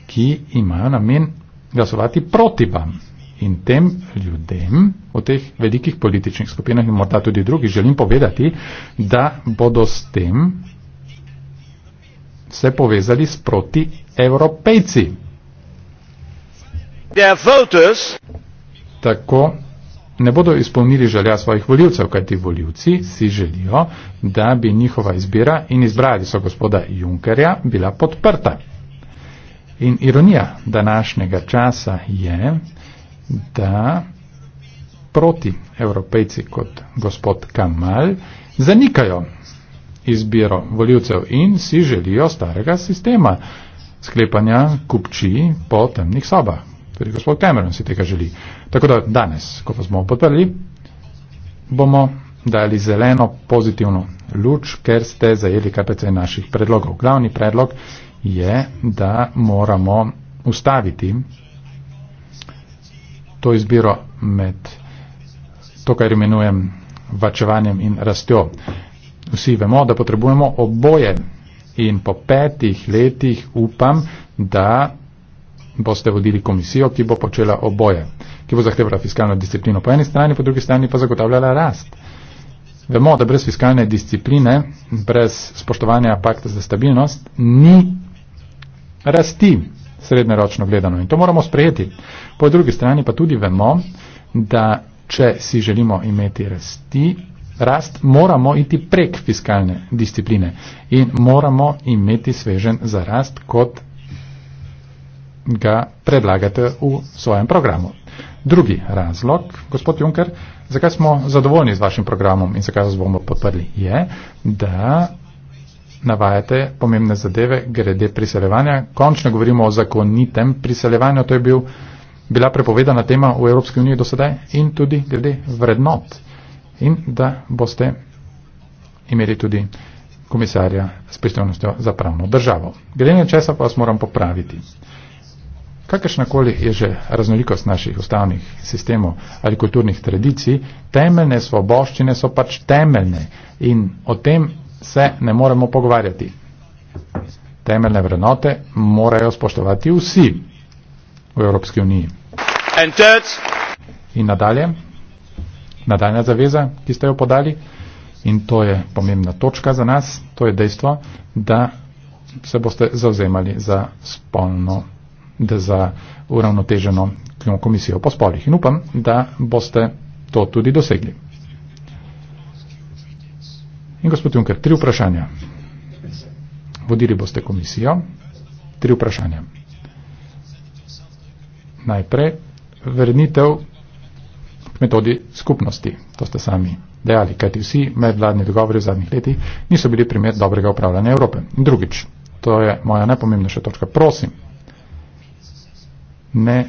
ki imajo namen glasovati proti vam. In tem ljudem v teh velikih političnih skupinah in morda tudi drugih želim povedati, da bodo s tem se povezali s proti evropejci. Tako ne bodo izpolnili želja svojih voljivcev, kajti voljivci si želijo, da bi njihova izbira in izbrali so gospoda Junkerja bila podprta. In ironija današnjega časa je, da proti evropejci kot gospod Kamal zanikajo izbiro voljivcev in si želijo starega sistema sklepanja kupčij po temnih sobah. Tudi gospod Cameron si tega želi. Tako da danes, ko pa smo podprli, bomo dali zeleno pozitivno luč, ker ste zajeli KPC naših predlogov. Glavni predlog je, da moramo ustaviti to izbiro med to, kar imenujem vačevanjem in rastjo. Vsi vemo, da potrebujemo oboje in po petih letih upam, da boste vodili komisijo, ki bo počela oboje, ki bo zahtevala fiskalno disciplino po eni strani, po drugi strani pa zagotavljala rast. Vemo, da brez fiskalne discipline, brez spoštovanja pakta za stabilnost, ni rasti srednjeročno gledano in to moramo sprejeti. Po drugi strani pa tudi vemo, da če si želimo imeti rasti, rast, moramo iti prek fiskalne discipline in moramo imeti svežen za rast kot ga predlagate v svojem programu. Drugi razlog, gospod Juncker, zakaj smo zadovoljni z vašim programom in zakaj vas bomo podprli, je, da navajate pomembne zadeve glede priseljevanja. Končno govorimo o zakonitem priseljevanju, to je bil, bila prepovedana tema v Evropski uniji do sedaj in tudi glede vrednot. In da boste imeli tudi komisarja s pristojnostjo za pravno državo. Glede na česa pa vas moram popraviti. Kakršnakoli je že raznolikost naših ustavnih sistemov ali kulturnih tradicij, temeljne svoboščine so pač temeljne in o tem se ne moremo pogovarjati. Temeljne vrednote morajo spoštovati vsi v Evropski uniji. In nadalje, nadaljna zaveza, ki ste jo podali, in to je pomembna točka za nas, to je dejstvo, da se boste zauzemali za spolno da za uravnoteženo komisijo po spolih in upam, da boste to tudi dosegli. In gospod Juncker, tri vprašanja. Vodili boste komisijo. Tri vprašanja. Najprej vrnitev k metodi skupnosti. To ste sami dejali, kajti vsi medvladni dogovori v zadnjih letih niso bili primer dobrega upravljanja Evrope. In drugič, to je moja najpomembnejša točka. Prosim, ne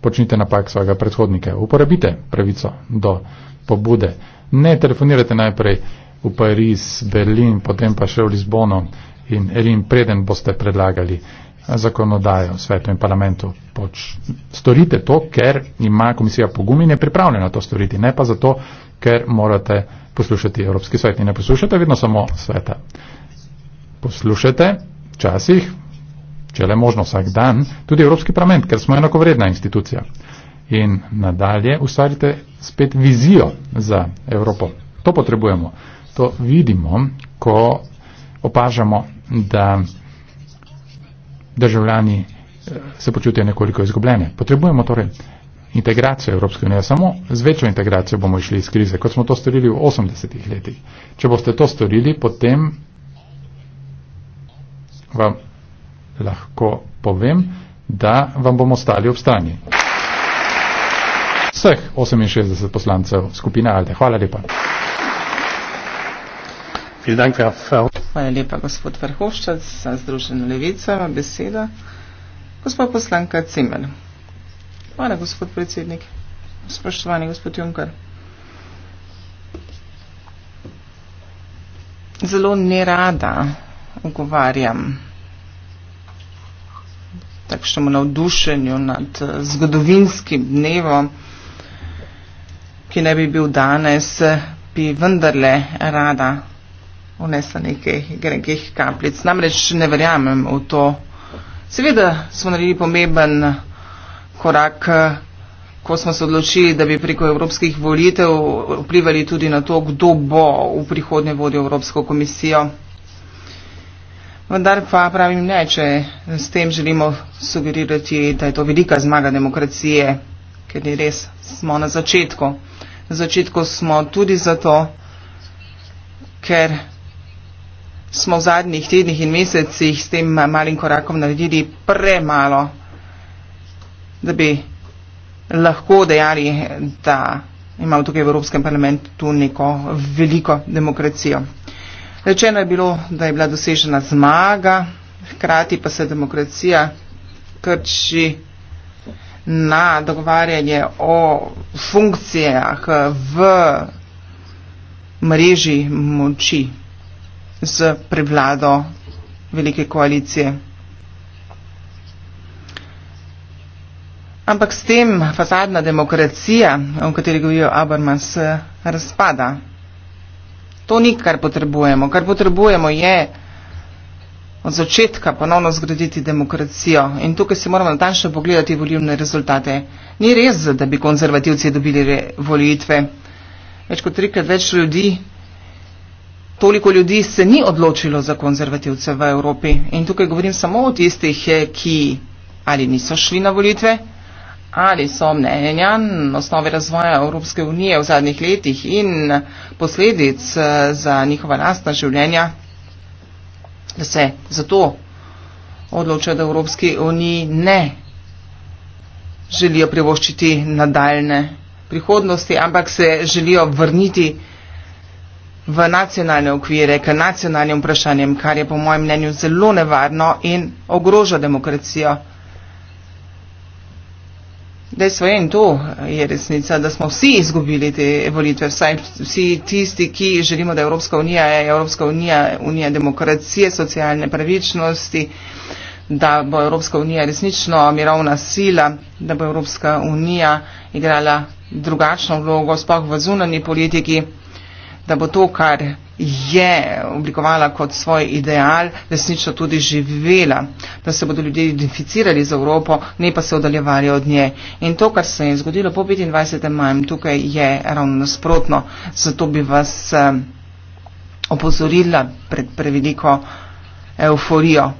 počnite napak svojega predhodnika. Uporabite pravico do pobude. Ne telefonirajte najprej v Pariz, Berlin, potem pa še v Lizbono in Rim, preden boste predlagali zakonodajo svetu in parlamentu. Poč, storite to, ker ima komisija pogum in je pripravljena to storiti, ne pa zato, ker morate poslušati Evropski svet. In ne poslušate vedno samo sveta. Poslušate včasih, če le možno vsak dan, tudi Evropski parlament, ker smo enakovredna institucija. In nadalje ustvarite spet vizijo za Evropo. To potrebujemo. To vidimo, ko opažamo, da državljani eh, se počutijo nekoliko izgubljene. Potrebujemo torej integracijo Evropske unije. Samo z večjo integracijo bomo išli iz krize, kot smo to storili v 80-ih letih. Če boste to storili, potem vam lahko povem, da vam bomo stali ob strani. Vseh 68 poslancev skupine Alde. Hvala lepa. Hvala lepa, gospod Vrhoščac, za Združeno levico. Beseda. Gospod poslanka Cimer. Hvala, gospod predsednik. Spoštovani gospod Junker. Zelo nerada ogovarjam takšnemu navdušenju nad eh, zgodovinskim dnevom, ki ne bi bil danes, eh, bi vendarle rada unesla nekaj kapljic. Namreč ne verjamem v to. Seveda smo naredili pomemben korak, eh, ko smo se odločili, da bi preko evropskih volitev vplivali tudi na to, kdo bo v prihodnje vodil Evropsko komisijo vendar pa pravim ne, če s tem želimo sugerirati, da je to velika zmaga demokracije, ker je res, smo na začetku. Na začetku smo tudi zato, ker smo v zadnjih tednih in mesecih s tem malim korakom naredili premalo, da bi lahko dejali, da imamo tukaj v Evropskem parlamentu neko veliko demokracijo. Rečeno je bilo, da je bila dosežena zmaga, hkrati pa se demokracija krči na dogovarjanje o funkcijah v mreži moči z prevlado velike koalicije. Ampak s tem fasadna demokracija, o kateri govorijo Abermas, razpada. To ni, kar potrebujemo. Kar potrebujemo je od začetka ponovno zgraditi demokracijo. In tukaj si moramo natančno pogledati volilne rezultate. Ni res, da bi konzervativci dobili volitve. Več kot trikrat več ljudi, toliko ljudi se ni odločilo za konzervativce v Evropi. In tukaj govorim samo o tistih, eh, ki ali niso šli na volitve ali so mnenja na osnovi razvoja Evropske unije v zadnjih letih in posledic eh, za njihova lastna življenja, da se zato odločajo, da Evropski uniji ne želijo privoščiti nadaljne prihodnosti, ampak se želijo vrniti v nacionalne okvire, k nacionalnim vprašanjem, kar je po mojem mnenju zelo nevarno in ogroža demokracijo. Dejstvo je in to je resnica, da smo vsi izgubili te volitve, vsaj vsi tisti, ki želimo, da je Evropska unija, je Evropska unija, unija demokracije, socialne pravičnosti, da bo Evropska unija resnično mirovna sila, da bo Evropska unija igrala drugačno vlogo, spoh v zunani politiki da bo to, kar je oblikovala kot svoj ideal, resnično tudi živela, da se bodo ljudje identificirali z Evropo, ne pa se oddaljevali od nje. In to, kar se je zgodilo po 25. maju, tukaj je ravno nasprotno. Zato bi vas eh, opozorila pred preveliko euforijo.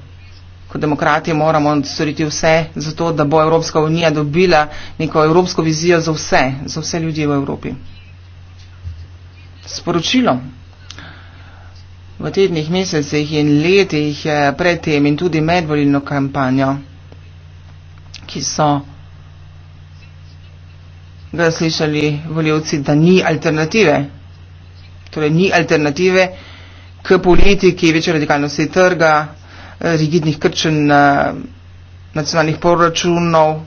Kot demokrati moramo storiti vse za to, da bo Evropska unija dobila neko evropsko vizijo za vse, za vse ljudi v Evropi sporočilo. V tednih mesecih in letih eh, predtem in tudi medvolilno kampanjo, ki so ga slišali voljivci, da ni alternative. Torej, ni alternative k politiki večje radikalnosti trga, eh, rigidnih krčen eh, nacionalnih proračunov,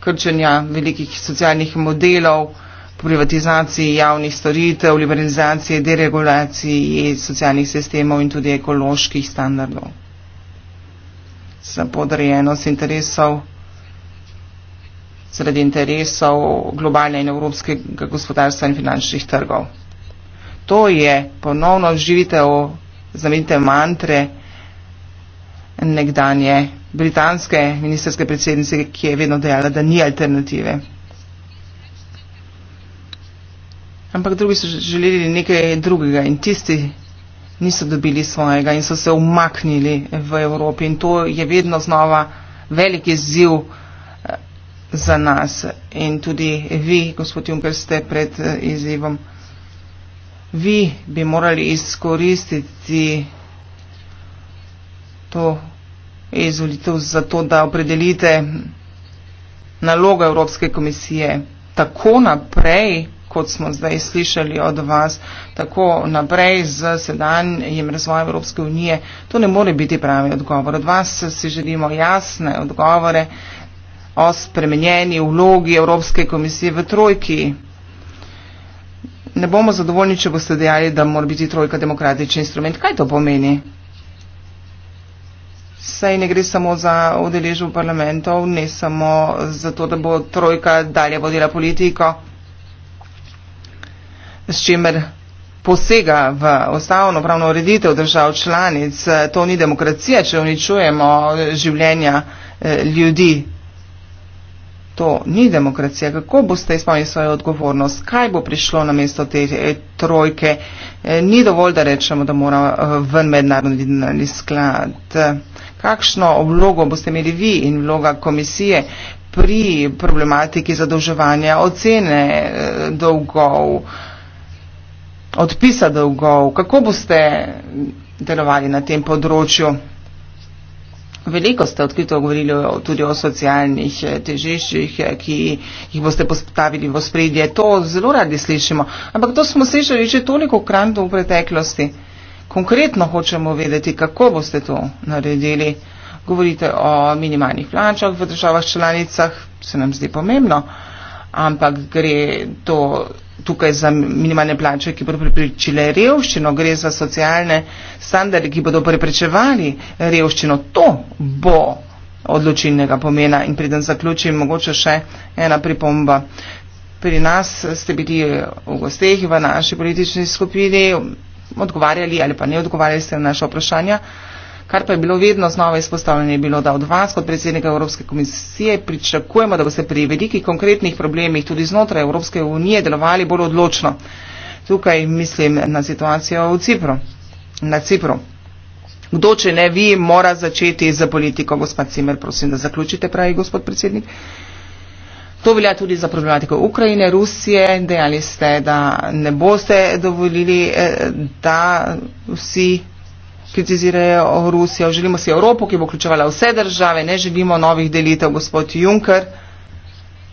krčenja velikih socialnih modelov privatizaciji javnih storitev, liberalizaciji, deregulaciji socialnih sistemov in tudi ekoloških standardov. Za podrejenost interesov, sredi interesov globalne in evropskega gospodarstva in finančnih trgov. To je ponovno živitev znamenite mantre nekdanje britanske ministerske predsednice, ki je vedno dejala, da ni alternative. ampak drugi so želeli nekaj drugega in tisti niso dobili svojega in so se umaknili v Evropi in to je vedno znova velik izziv eh, za nas in tudi vi, gospod Junker, ste pred eh, izzivom. Vi bi morali izkoristiti to izvolitev za to, da opredelite nalogo Evropske komisije tako naprej, kot smo zdaj slišali od vas, tako naprej z sedanjem razvojem Evropske unije, to ne more biti pravi odgovor. Od vas si želimo jasne odgovore o spremenjeni vlogi Evropske komisije v trojki. Ne bomo zadovoljni, če boste dejali, da mora biti trojka demokratični instrument. Kaj to pomeni? Saj ne gre samo za odeležbo parlamentov, ne samo za to, da bo trojka dalje vodila politiko s čimer posega v ustavno pravno ureditev držav članic. To ni demokracija, če uničujemo življenja eh, ljudi. To ni demokracija. Kako boste izpolnili svojo odgovornost? Kaj bo prišlo na mesto te eh, trojke? Eh, ni dovolj, da rečemo, da mora ven mednarodni denarni sklad. Kakšno vlogo boste imeli vi in vloga komisije pri problematiki zadolževanja, ocene dolgov? odpisa dolgov. Kako boste delovali na tem področju? Veliko ste odkrito govorili tudi o socialnih eh, težiščih, eh, ki jih boste postavili v spredje. To zelo radi slišimo. Ampak to smo slišali že toliko krat v preteklosti. Konkretno hočemo vedeti, kako boste to naredili. Govorite o minimalnih plačah v državah članicah, se nam zdi pomembno. Uh, ampak gre to tukaj za minimalne plače, ki bodo preprečile revščino, gre za socialne standarde, ki bodo preprečevali revščino. To bo odločilnega pomena. In preden zaključim, mogoče še ena pripomba. Pri nas ste bili v gosteh v naši politični skupini, odgovarjali ali pa ne odgovarjali ste na naše vprašanja. Kar pa je bilo vedno znova izpostavljeno, je bilo, da od vas kot predsednika Evropske komisije pričakujemo, da boste pri velikih konkretnih problemih tudi znotraj Evropske unije delovali bolj odločno. Tukaj mislim na situacijo v Cipru. Na Cipru. Kdo, če ne vi, mora začeti za politiko, gospod Cimer, prosim, da zaključite, pravi gospod predsednik. To velja tudi za problematiko Ukrajine, Rusije. Dejali ste, da ne boste dovolili, eh, da vsi kritizirajo Rusijo, želimo si Evropo, ki bo vključevala vse države, ne želimo novih delitev, gospod Juncker.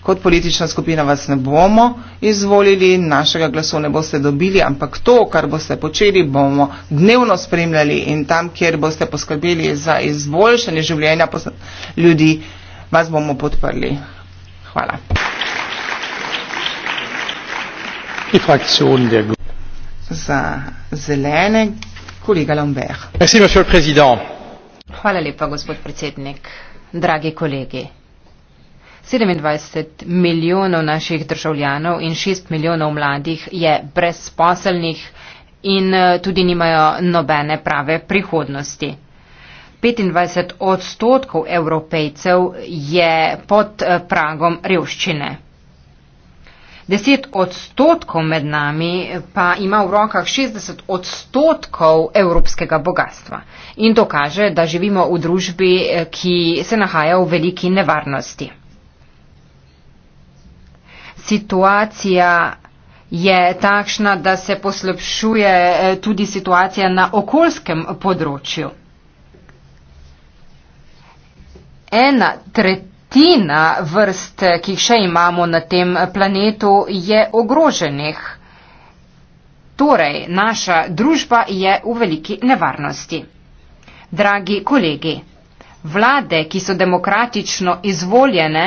Kot politična skupina vas ne bomo izvolili, našega glasu ne boste dobili, ampak to, kar boste počeli, bomo dnevno spremljali in tam, kjer boste poskrbeli za izboljšanje življenja ljudi, vas bomo podprli. Hvala. Za zelene Kolega Lambert. Merci, monsieur le président. Hvala lepa, gospod predsednik. Dragi kolegi. 27 milijonov naših državljanov in 6 milijonov mladih je brezposelnih in eh, tudi nimajo nobene prave prihodnosti. 25 odstotkov evropejcev je pod eh, pragom revščine. 10 odstotkov med nami pa ima v rokah 60 odstotkov evropskega bogatstva. In to kaže, da živimo v družbi, ki se nahaja v veliki nevarnosti. Situacija je takšna, da se poslepšuje eh, tudi situacija na okoljskem področju. Ena tretjina tretjina vrst, ki jih še imamo na tem planetu, je ogroženih. Torej, naša družba je v veliki nevarnosti. Dragi kolegi, vlade, ki so demokratično izvoljene,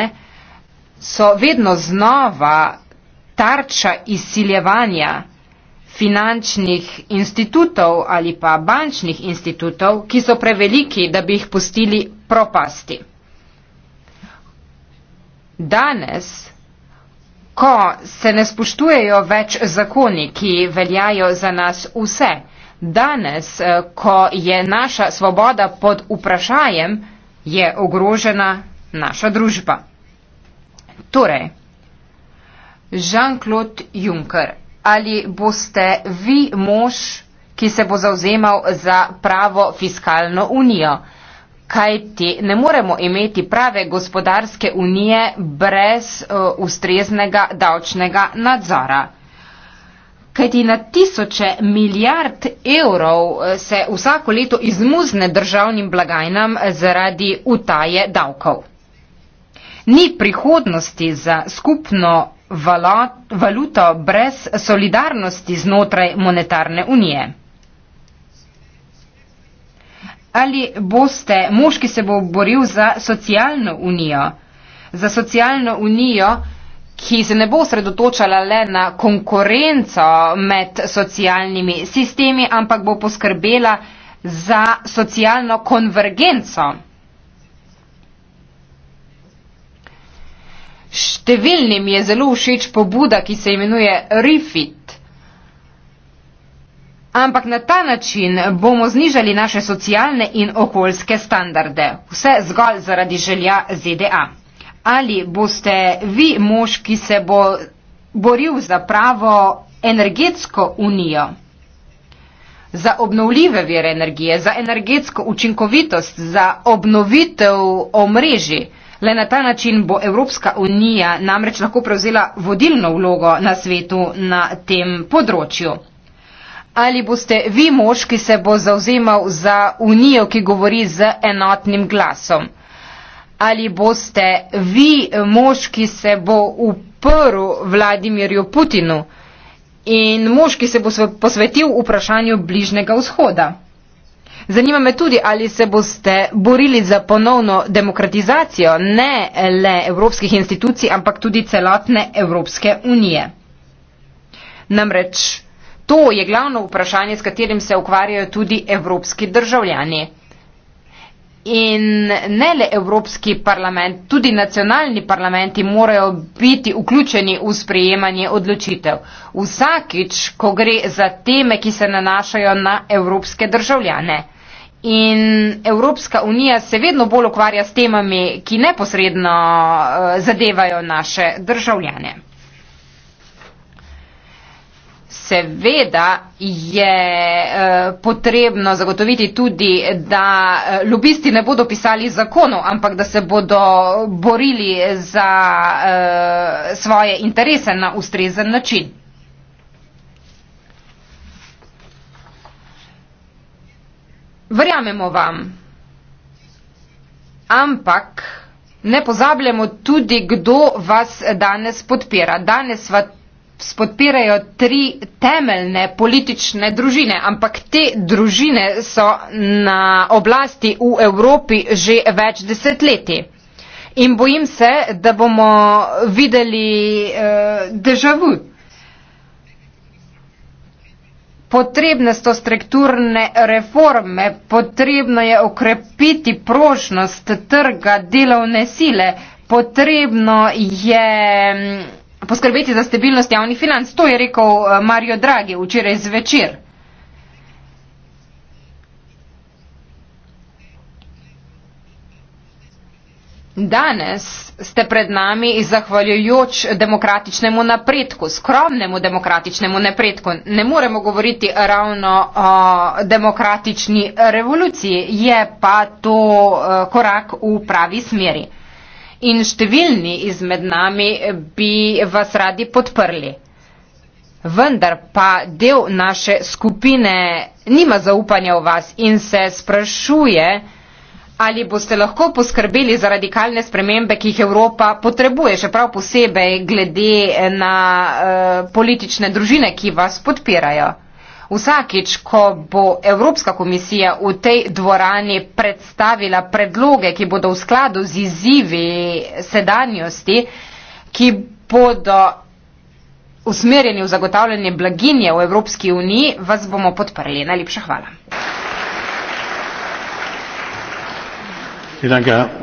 so vedno znova tarča izsiljevanja finančnih institutov ali pa bančnih institutov, ki so preveliki, da bi jih pustili propasti. Danes, ko se ne spoštujejo več zakoni, ki veljajo za nas vse, danes, eh, ko je naša svoboda pod vprašanjem, je ogrožena naša družba. Torej, Jean-Claude Juncker, ali boste vi mož, ki se bo zauzemal za pravo fiskalno unijo? kajti ne moremo imeti prave gospodarske unije brez uh, ustreznega davčnega nadzora. Kajti na tisoče milijard evrov eh, se vsako leto izmuzne državnim blagajnam eh, zaradi utaje davkov. Ni prihodnosti za skupno valuto brez solidarnosti znotraj monetarne unije ali boste mož, ki se bo boril za socialno unijo, za socialno unijo, ki se ne bo sredotočala le na konkurenco med socialnimi sistemi, ampak bo poskrbela za socialno konvergenco. Številnim je zelo všeč pobuda, ki se imenuje RIFIT. Ampak na ta način bomo znižali naše socialne in okoljske standarde. Vse zgolj zaradi želja ZDA. Ali boste vi mož, ki se bo boril za pravo energetsko unijo, za obnovljive vire energije, za energetsko učinkovitost, za obnovitev omrežji? Le na ta način bo Evropska unija namreč lahko prevzela vodilno vlogo na svetu na tem področju. Ali boste vi mož, ki se bo zauzemal za unijo, ki govori z enotnim glasom? Ali boste vi mož, ki se bo uprl Vladimirju Putinu in mož, ki se bo posvetil vprašanju bližnjega vzhoda? Zanima me tudi, ali se boste borili za ponovno demokratizacijo ne le evropskih institucij, ampak tudi celotne Evropske unije. Namreč To je glavno vprašanje, s katerim se ukvarjajo tudi evropski državljani. In ne le Evropski parlament, tudi nacionalni parlamenti morajo biti vključeni v sprejemanje odločitev. Vsakič, ko gre za teme, ki se nanašajo na evropske državljane. In Evropska unija se vedno bolj ukvarja s temami, ki neposredno eh, zadevajo naše državljane seveda je eh, potrebno zagotoviti tudi, da eh, lobisti ne bodo pisali zakonov, ampak da se bodo borili za eh, svoje interese na ustrezen način. Verjamemo vam, ampak ne pozabljamo tudi, kdo vas danes podpira. Danes spodpirajo tri temeljne politične družine, ampak te družine so na oblasti v Evropi že več desetletij. In bojim se, da bomo videli uh, eh, državu. Potrebne so strukturne reforme, potrebno je okrepiti prošnost trga delovne sile, potrebno je. Um, poskrbeti za stabilnost javnih financ. To je rekel eh, Mario Draghi včeraj zvečer. Danes ste pred nami zahvaljujoč demokratičnemu napredku, skromnemu demokratičnemu napredku. Ne moremo govoriti ravno o demokratični revoluciji, je pa to eh, korak v pravi smeri in številni izmed nami bi vas radi podprli. Vendar pa del naše skupine nima zaupanja v vas in se sprašuje, ali boste lahko poskrbeli za radikalne spremembe, ki jih Evropa potrebuje, še prav posebej glede na uh, politične družine, ki vas podpirajo. Vsakič, ko bo Evropska komisija v tej dvorani predstavila predloge, ki bodo v skladu z izzivi sedanjosti, ki bodo usmerjeni v zagotavljanje blaginje v Evropski uniji, vas bomo podprli. Najlepša hvala.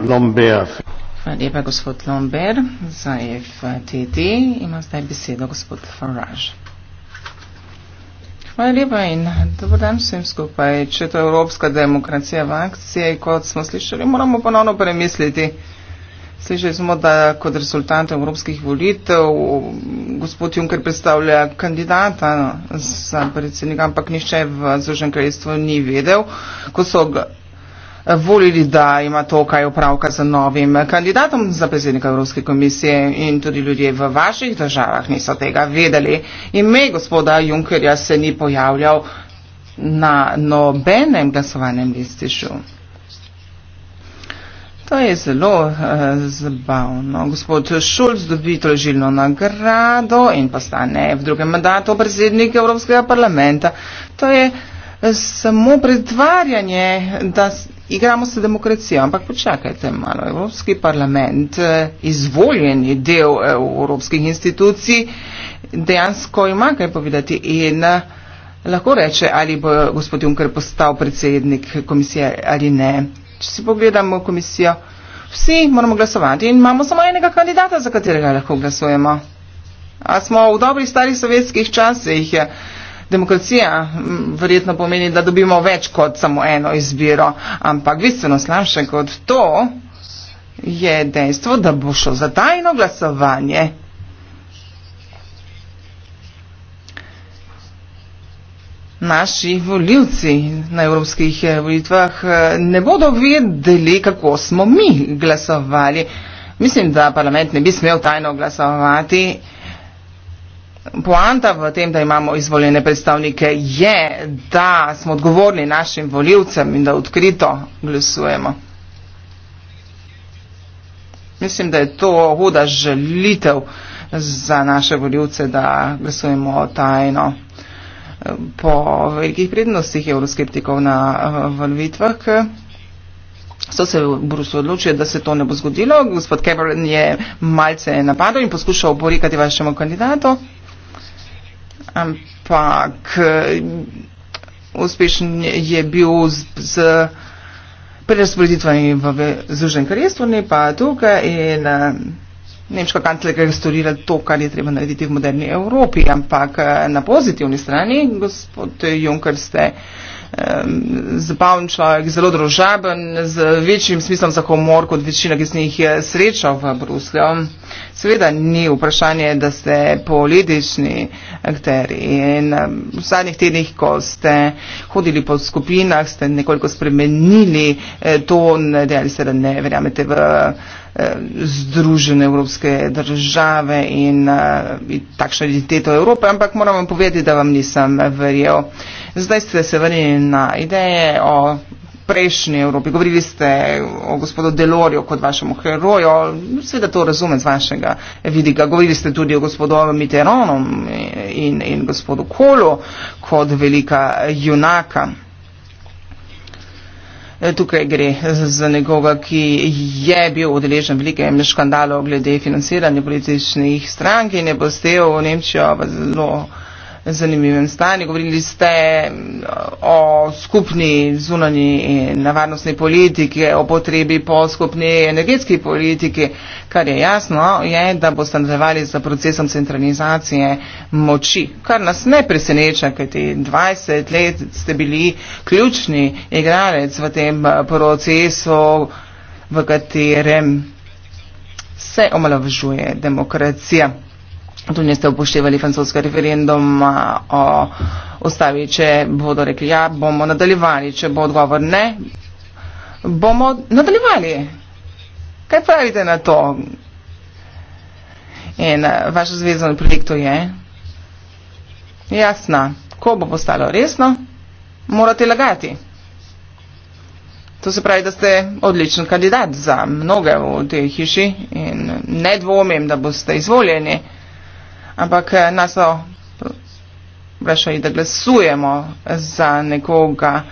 Hvala lepa, gospod Lomber. Zdaj je v TT, ima zdaj besedo gospod Farage. Hvala lepa in dobro dan vsem skupaj. Če to je evropska demokracija v akciji, kot smo slišali, moramo ponovno premisliti. Slišali smo, da kot rezultat evropskih volitev gospod Juncker predstavlja kandidata za predsednika, ampak nišče v Združenem kraljestvu ni vedel, ko so volili, da ima to kaj upravka z novim kandidatom za predsednika Evropske komisije in tudi ljudje v vaših državah niso tega vedeli. Ime gospoda Junkerja se ni pojavljal na nobenem glasovanem listišu. To je zelo uh, zabavno. Gospod Šulc dobi tožilno nagrado in postane v drugem mandatu predsednik Evropskega parlamenta. To je eh, samo pretvarjanje, da igramo se demokracijo, ampak počakajte malo. Evropski parlament, eh, izvoljeni del eh, evropskih institucij, dejansko ima kaj povedati in eh, lahko reče, ali bo gospod Juncker postal predsednik komisije ali ne. Če si pogledamo komisijo, vsi moramo glasovati in imamo samo enega kandidata, za katerega lahko glasujemo. A smo v dobrih starih sovjetskih časih. Je demokracija mm, verjetno pomeni, da dobimo več kot samo eno izbiro, ampak bistveno slabše kot to je dejstvo, da bo šlo za tajno glasovanje. Naši voljivci na evropskih eh, volitvah eh, ne bodo vedeli, kako smo mi glasovali. Mislim, da parlament ne bi smel tajno glasovati. Poanta v tem, da imamo izvoljene predstavnike, je, da smo odgovorni našim voljivcem in da odkrito glasujemo. Mislim, da je to huda želitev za naše voljivce, da glasujemo tajno. Po velikih prednostih euroskeptikov na volitvah so se v Bruslu odločili, da se to ne bo zgodilo. Gospod Cameron je malce napadal in poskušal oborikati vašemu kandidatu ampak eh, uspešen je bil z, z prerasporeditvami v Združenem kraljestvu, ne pa tukaj in eh, nemška kanclerka je storila to, kar je treba narediti v moderni Evropi, ampak eh, na pozitivni strani, gospod Junker, ste uh, zabaven človek, zelo družaben, z večjim smislom za humor kot večina, ki sem jih eh, srečal v Bruslju. Seveda ni vprašanje, da ste politični akteri in v zadnjih tednih, ko ste hodili po skupinah, ste nekoliko spremenili eh, to, dejali ste, da ne verjamete v eh, združene evropske države in, in takšno identiteto Evrope, ampak moram vam povedati, da vam nisem verjel. Zdaj ste se vrnili na ideje o prejšnji Evropi. Govorili ste o gospodu Delorju kot vašemu heroju. Sveda to razume z vašega vidika. Govorili ste tudi o gospodu Mitterrandu in, in gospodu Kolu kot velika junaka. Tukaj gre za nekoga, ki je bil odeležen velike škandalov glede financiranja političnih strank in je postel v Nemčijo v zelo uh, zanimivem stanju. Govorili ste mm, o skupni zunanji in varnostni politiki, o potrebi po skupni energetski politiki. Kar je jasno, je, da boste nadaljevali z procesom centralizacije moči, kar nas ne preseneča, kajti 20 let ste bili ključni igralec v tem eh, procesu, v katerem se omalovažuje demokracija tu niste upoštevali francoska referenduma o ustavi, če bodo rekli ja, bomo nadaljevali, če bo odgovor ne, bomo nadaljevali. Kaj pravite na to? In vaša zveza na projektu je jasna, ko bo postalo resno, morate lagati. To se pravi, da ste odličen kandidat za mnoge v tej hiši in ne dvomim, da boste izvoljeni ampak eh, nas vprašali, da glasujemo za nekoga,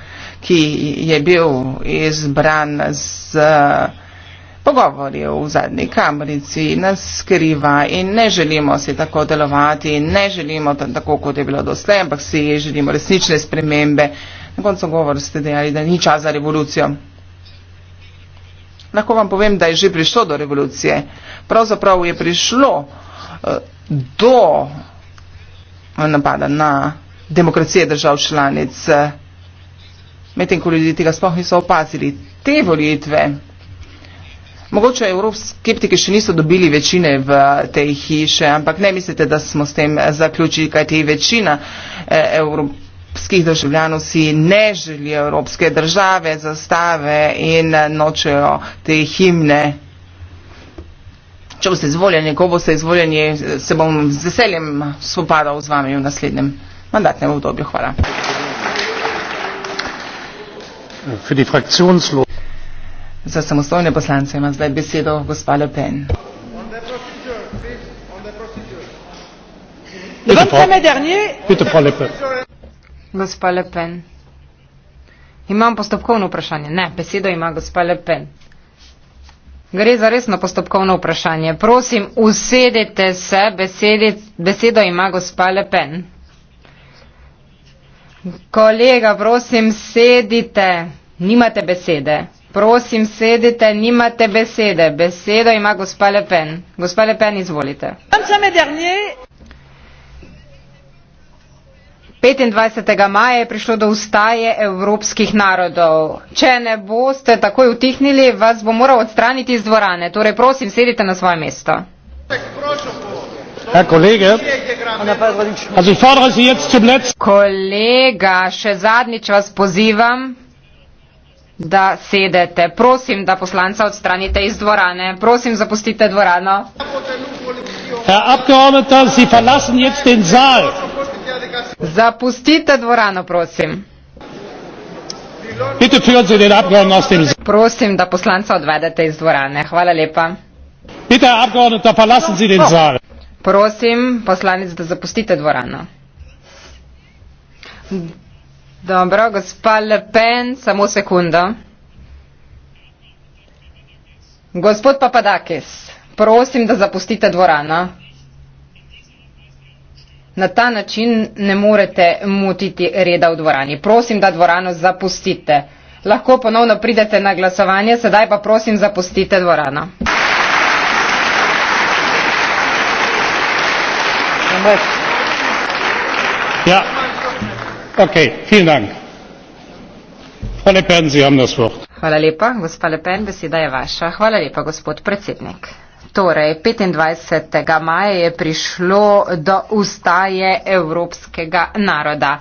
ki je bil izbran z eh, pogovori v zadnji kamrici, nas skriva in ne želimo se tako delovati, ne želimo tako, kot je bilo doslej, ampak si želimo resnične spremembe. Na koncu govor ste dejali, da ni čas za revolucijo. Lahko vam povem, da je že prišlo do revolucije. Pravzaprav je prišlo eh, do napada na demokracije držav članic, medtem ko ljudje tega sploh niso opazili. Te volitve, mogoče evroskeptiki še niso dobili večine v tej hiši, ampak ne mislite, da smo s tem zaključili, kaj te večina e, evropskih državljanov si ne želi evropske države, zastave in e, nočejo te himne če boste izvoljeni, ko boste izvoljeni, se bom z veseljem spopadal z vami v naslednjem mandatnem obdobju. Hvala. Za samostojne poslance ima zdaj besedo gospa Le Pen. Gospa Le Pen, imam postopkovno vprašanje. Ne, besedo ima gospa Le Pen. Gre za resno postopkovno vprašanje. Prosim, usedite se, besedi, besedo ima gospa Le Pen. Kolega, prosim, sedite, nimate besede. Prosim, sedite, nimate besede. Besedo ima gospa Le Pen. Gospa Le Pen, izvolite. 25. maja je prišlo do ustaje evropskih narodov. Če ne boste takoj utihnili, vas bo moral odstraniti iz dvorane. Torej, prosim, sedite na svoje mesto. Kolega, še zadnjič vas pozivam, da sedete. Prosim, da poslanca odstranite iz dvorane. Prosim, zapustite dvorano. Herr Abgeordneter, Sie verlassen jetzt den Saal. Zapustite dvorano, prosim. Prosim, da poslanca odvedete iz dvorane. Hvala lepa. Prosim, poslanec, da zapustite dvorano. Dobro, gospa Le Pen, samo sekundo. Gospod Papadakis, prosim, da zapustite dvorano. Na ta način ne morete motiti reda v dvorani. Prosim, da dvorano zapustite. Lahko ponovno pridete na glasovanje, sedaj pa prosim, zapustite dvorano. Ja, ok, vielen Dank. Frau Le Pen, Sie haben das Wort. Hvala lepa, gospod Le Pen, beseda je vaša. Hvala lepa, gospod predsednik. Torej, 25. maja je prišlo do ustaje evropskega naroda,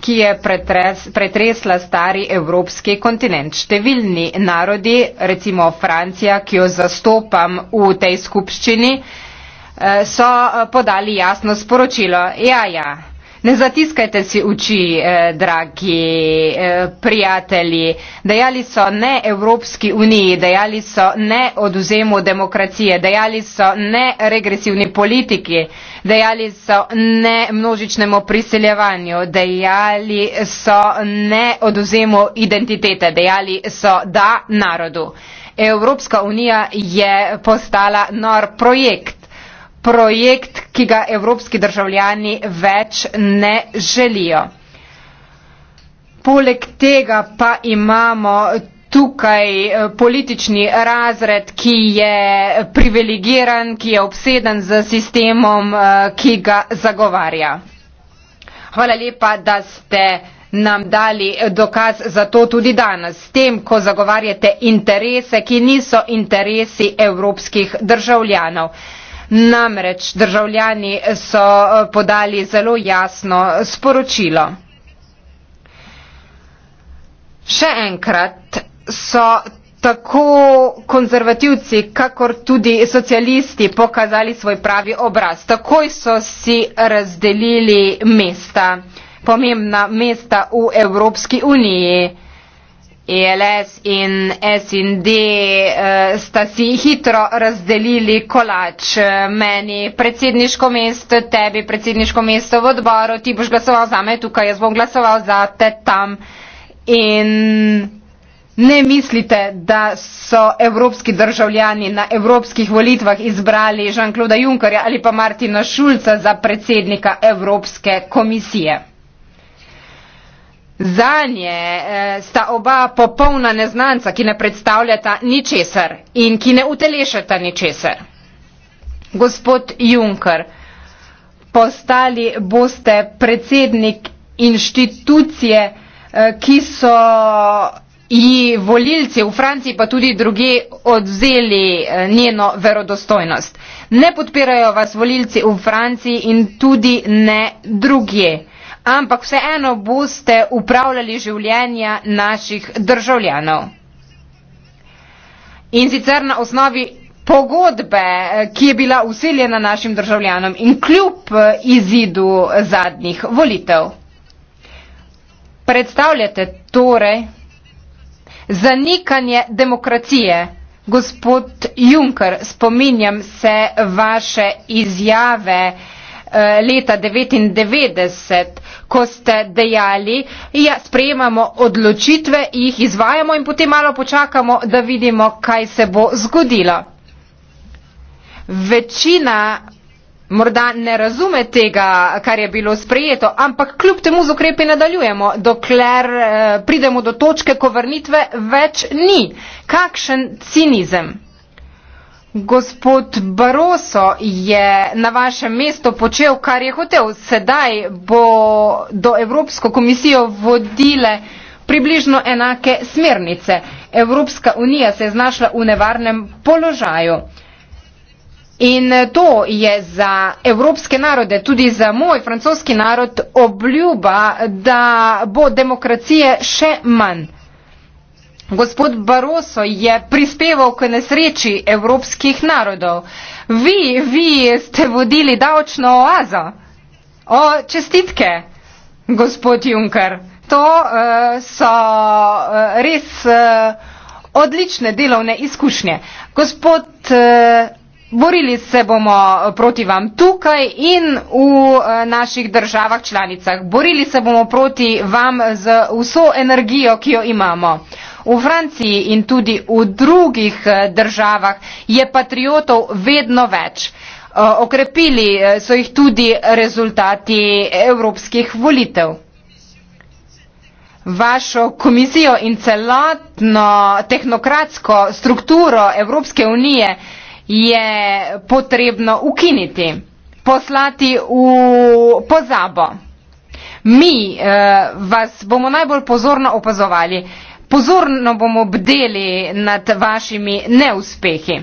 ki je pretres, pretresla stari evropski kontinent. Številni narodi, recimo Francija, ki jo zastopam v tej skupščini, eh, so eh, podali jasno sporočilo. Ja, ja, Ne zatiskajte si oči, eh, dragi eh, prijatelji. Dejali so ne Evropski uniji, dejali so ne oduzemu demokracije, dejali so ne regresivni politiki, dejali so ne množičnemu priseljevanju, dejali so ne oduzemu identitete, dejali so da narodu. Evropska unija je postala nor projekt projekt, ki ga evropski državljani več ne želijo. Poleg tega pa imamo tukaj eh, politični razred, ki je privilegiran, ki je obseden z sistemom, eh, ki ga zagovarja. Hvala lepa, da ste nam dali dokaz za to tudi danes, s tem, ko zagovarjate interese, ki niso interesi evropskih državljanov. Namreč državljani so eh, podali zelo jasno sporočilo. Še enkrat so tako konzervativci, kakor tudi socialisti pokazali svoj pravi obraz. Takoj so si razdelili mesta, pomembna mesta v Evropski uniji. ELS in SND eh, sta si hitro razdelili kolač. Eh, meni predsedniško mesto, tebi predsedniško mesto v odboru, ti boš glasoval za me tukaj, jaz bom glasoval za te tam. In ne mislite, da so evropski državljani na evropskih volitvah izbrali Žan-Kluda Junkerja ali pa Martina Šulca za predsednika Evropske komisije. Zanje eh, sta oba popolna neznanca, ki ne predstavljata ničesar in ki ne utelešata ničesar. Gospod Juncker, postali boste predsednik inštitucije, eh, ki so ji volilci v Franciji pa tudi druge odzeli eh, njeno verodostojnost. Ne podpirajo vas volilci v Franciji in tudi ne druge ampak vseeno boste upravljali življenja naših državljanov. In sicer na osnovi pogodbe, eh, ki je bila usiljena našim državljanom in kljub eh, izidu zadnjih volitev. Predstavljate torej zanikanje demokracije. Gospod Juncker, spominjam se vaše izjave, Eh, leta 1999, ko ste dejali, ja, sprejemamo odločitve, jih izvajamo in potem malo počakamo, da vidimo, kaj se bo zgodilo. Večina morda ne razume tega, kar je bilo sprejeto, ampak kljub temu z ukrepi nadaljujemo, dokler eh, pridemo do točke, ko vrnitve več ni. Kakšen cinizem? Gospod Baroso je na vašem mestu počel, kar je hotel. Sedaj bo do Evropsko komisijo vodile približno enake smernice. Evropska unija se je znašla v nevarnem položaju. In to je za evropske narode, tudi za moj francoski narod, obljuba, da bo demokracije še manj. Gospod Baroso je prispeval k nesreči evropskih narodov. Vi, vi ste vodili davčno oazo. O, čestitke, gospod Juncker. To uh, so eh, res uh, odlične delovne izkušnje. Gospod uh, Borili se bomo eh, proti vam tukaj in v eh, naših državah članicah. Borili se bomo proti vam z vso energijo, ki jo imamo. V Franciji in tudi v drugih eh, državah je patriotov vedno več. Okrepili so jih tudi rezultati evropskih volitev. Vašo komisijo in celotno tehnokratsko strukturo Evropske unije je potrebno ukiniti, poslati v pozabo. Mi eh, vas bomo najbolj pozorno opazovali, pozorno bomo bdeli nad vašimi neuspehi.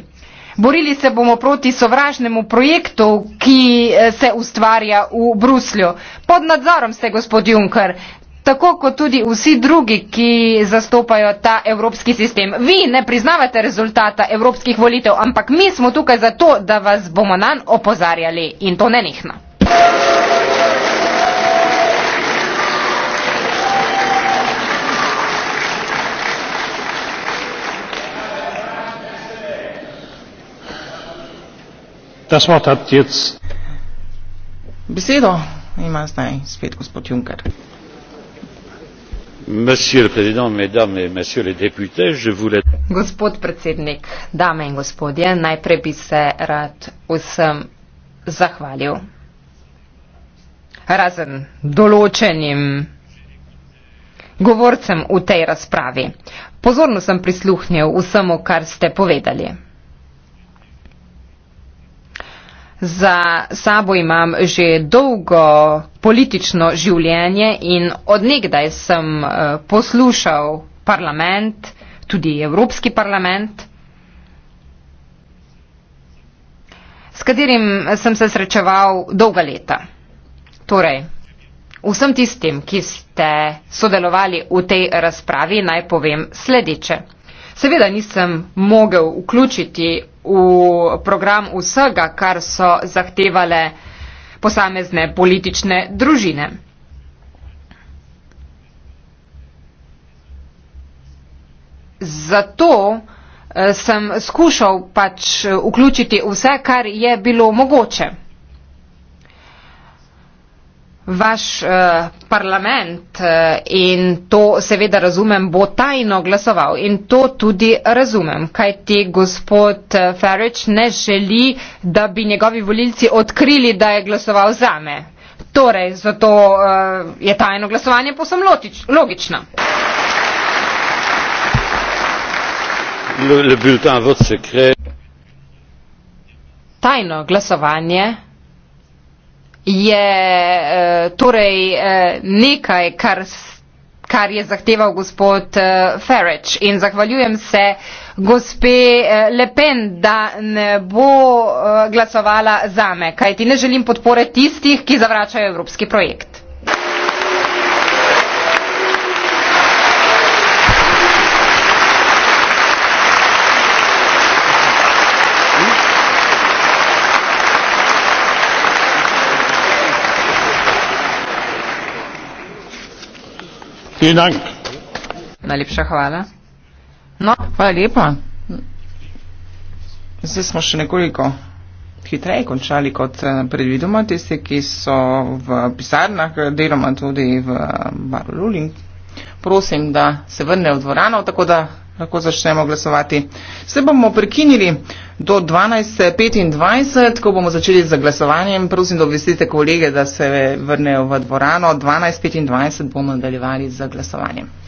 Borili se bomo proti sovražnemu projektu, ki eh, se ustvarja v Bruslju. Pod nadzorom ste, gospod Juncker, tako kot tudi vsi drugi, ki zastopajo ta evropski sistem. Vi ne priznavate rezultata evropskih volitev, ampak mi smo tukaj zato, da vas bomo nan opozarjali in to nenehno. Das Wort hat jetzt. Besedo ima zdaj spet gospod Juncker. Monsieur le Président, Mesdames et Messieurs les députés, je voulais... Gospod predsednik, dame in gospodje, najprej bi se rad vsem zahvalil. Razen določenim govorcem v tej razpravi. Pozorno sem prisluhnil vsemu, kar ste povedali. Za sabo imam že dolgo politično življenje in odnegdaj sem eh, poslušal parlament, tudi Evropski parlament, s katerim sem se srečeval dolga leta. Torej, vsem tistim, ki ste sodelovali v tej razpravi, naj povem sledeče. Seveda nisem mogel vključiti v program vsega, kar so zahtevale posamezne politične družine. Zato eh, sem skušal pač eh, vključiti vse, kar je bilo mogoče. Vaš uh, parlament uh, in to seveda razumem, bo tajno glasoval in to tudi razumem, kaj ti gospod uh, Farage ne želi, da bi njegovi volilci odkrili, da je glasoval zame. Torej, zato uh, je tajno glasovanje posem logično. Le, le tajno glasovanje je eh, torej eh, nekaj, kar, kar je zahteval gospod eh, Farage. In zahvaljujem se gospe eh, Le Pen, da ne bo eh, glasovala zame, kajti ne želim podpore tistih, ki zavračajo evropski projekt. Najlepša hvala. No, hvala lepa. Zdaj smo še nekoliko hitreje končali kot eh, predvidoma tiste, ki so v pisarnah, deloma tudi v eh, Baru Luling. Prosim, da se vrne v dvorano, tako da lahko začnemo glasovati. Se bomo prekinili do 12.25, ko bomo začeli z glasovanjem. Prosim, da obvestite kolege, da se vrnejo v dvorano. 12.25 bomo nadaljevali z glasovanjem.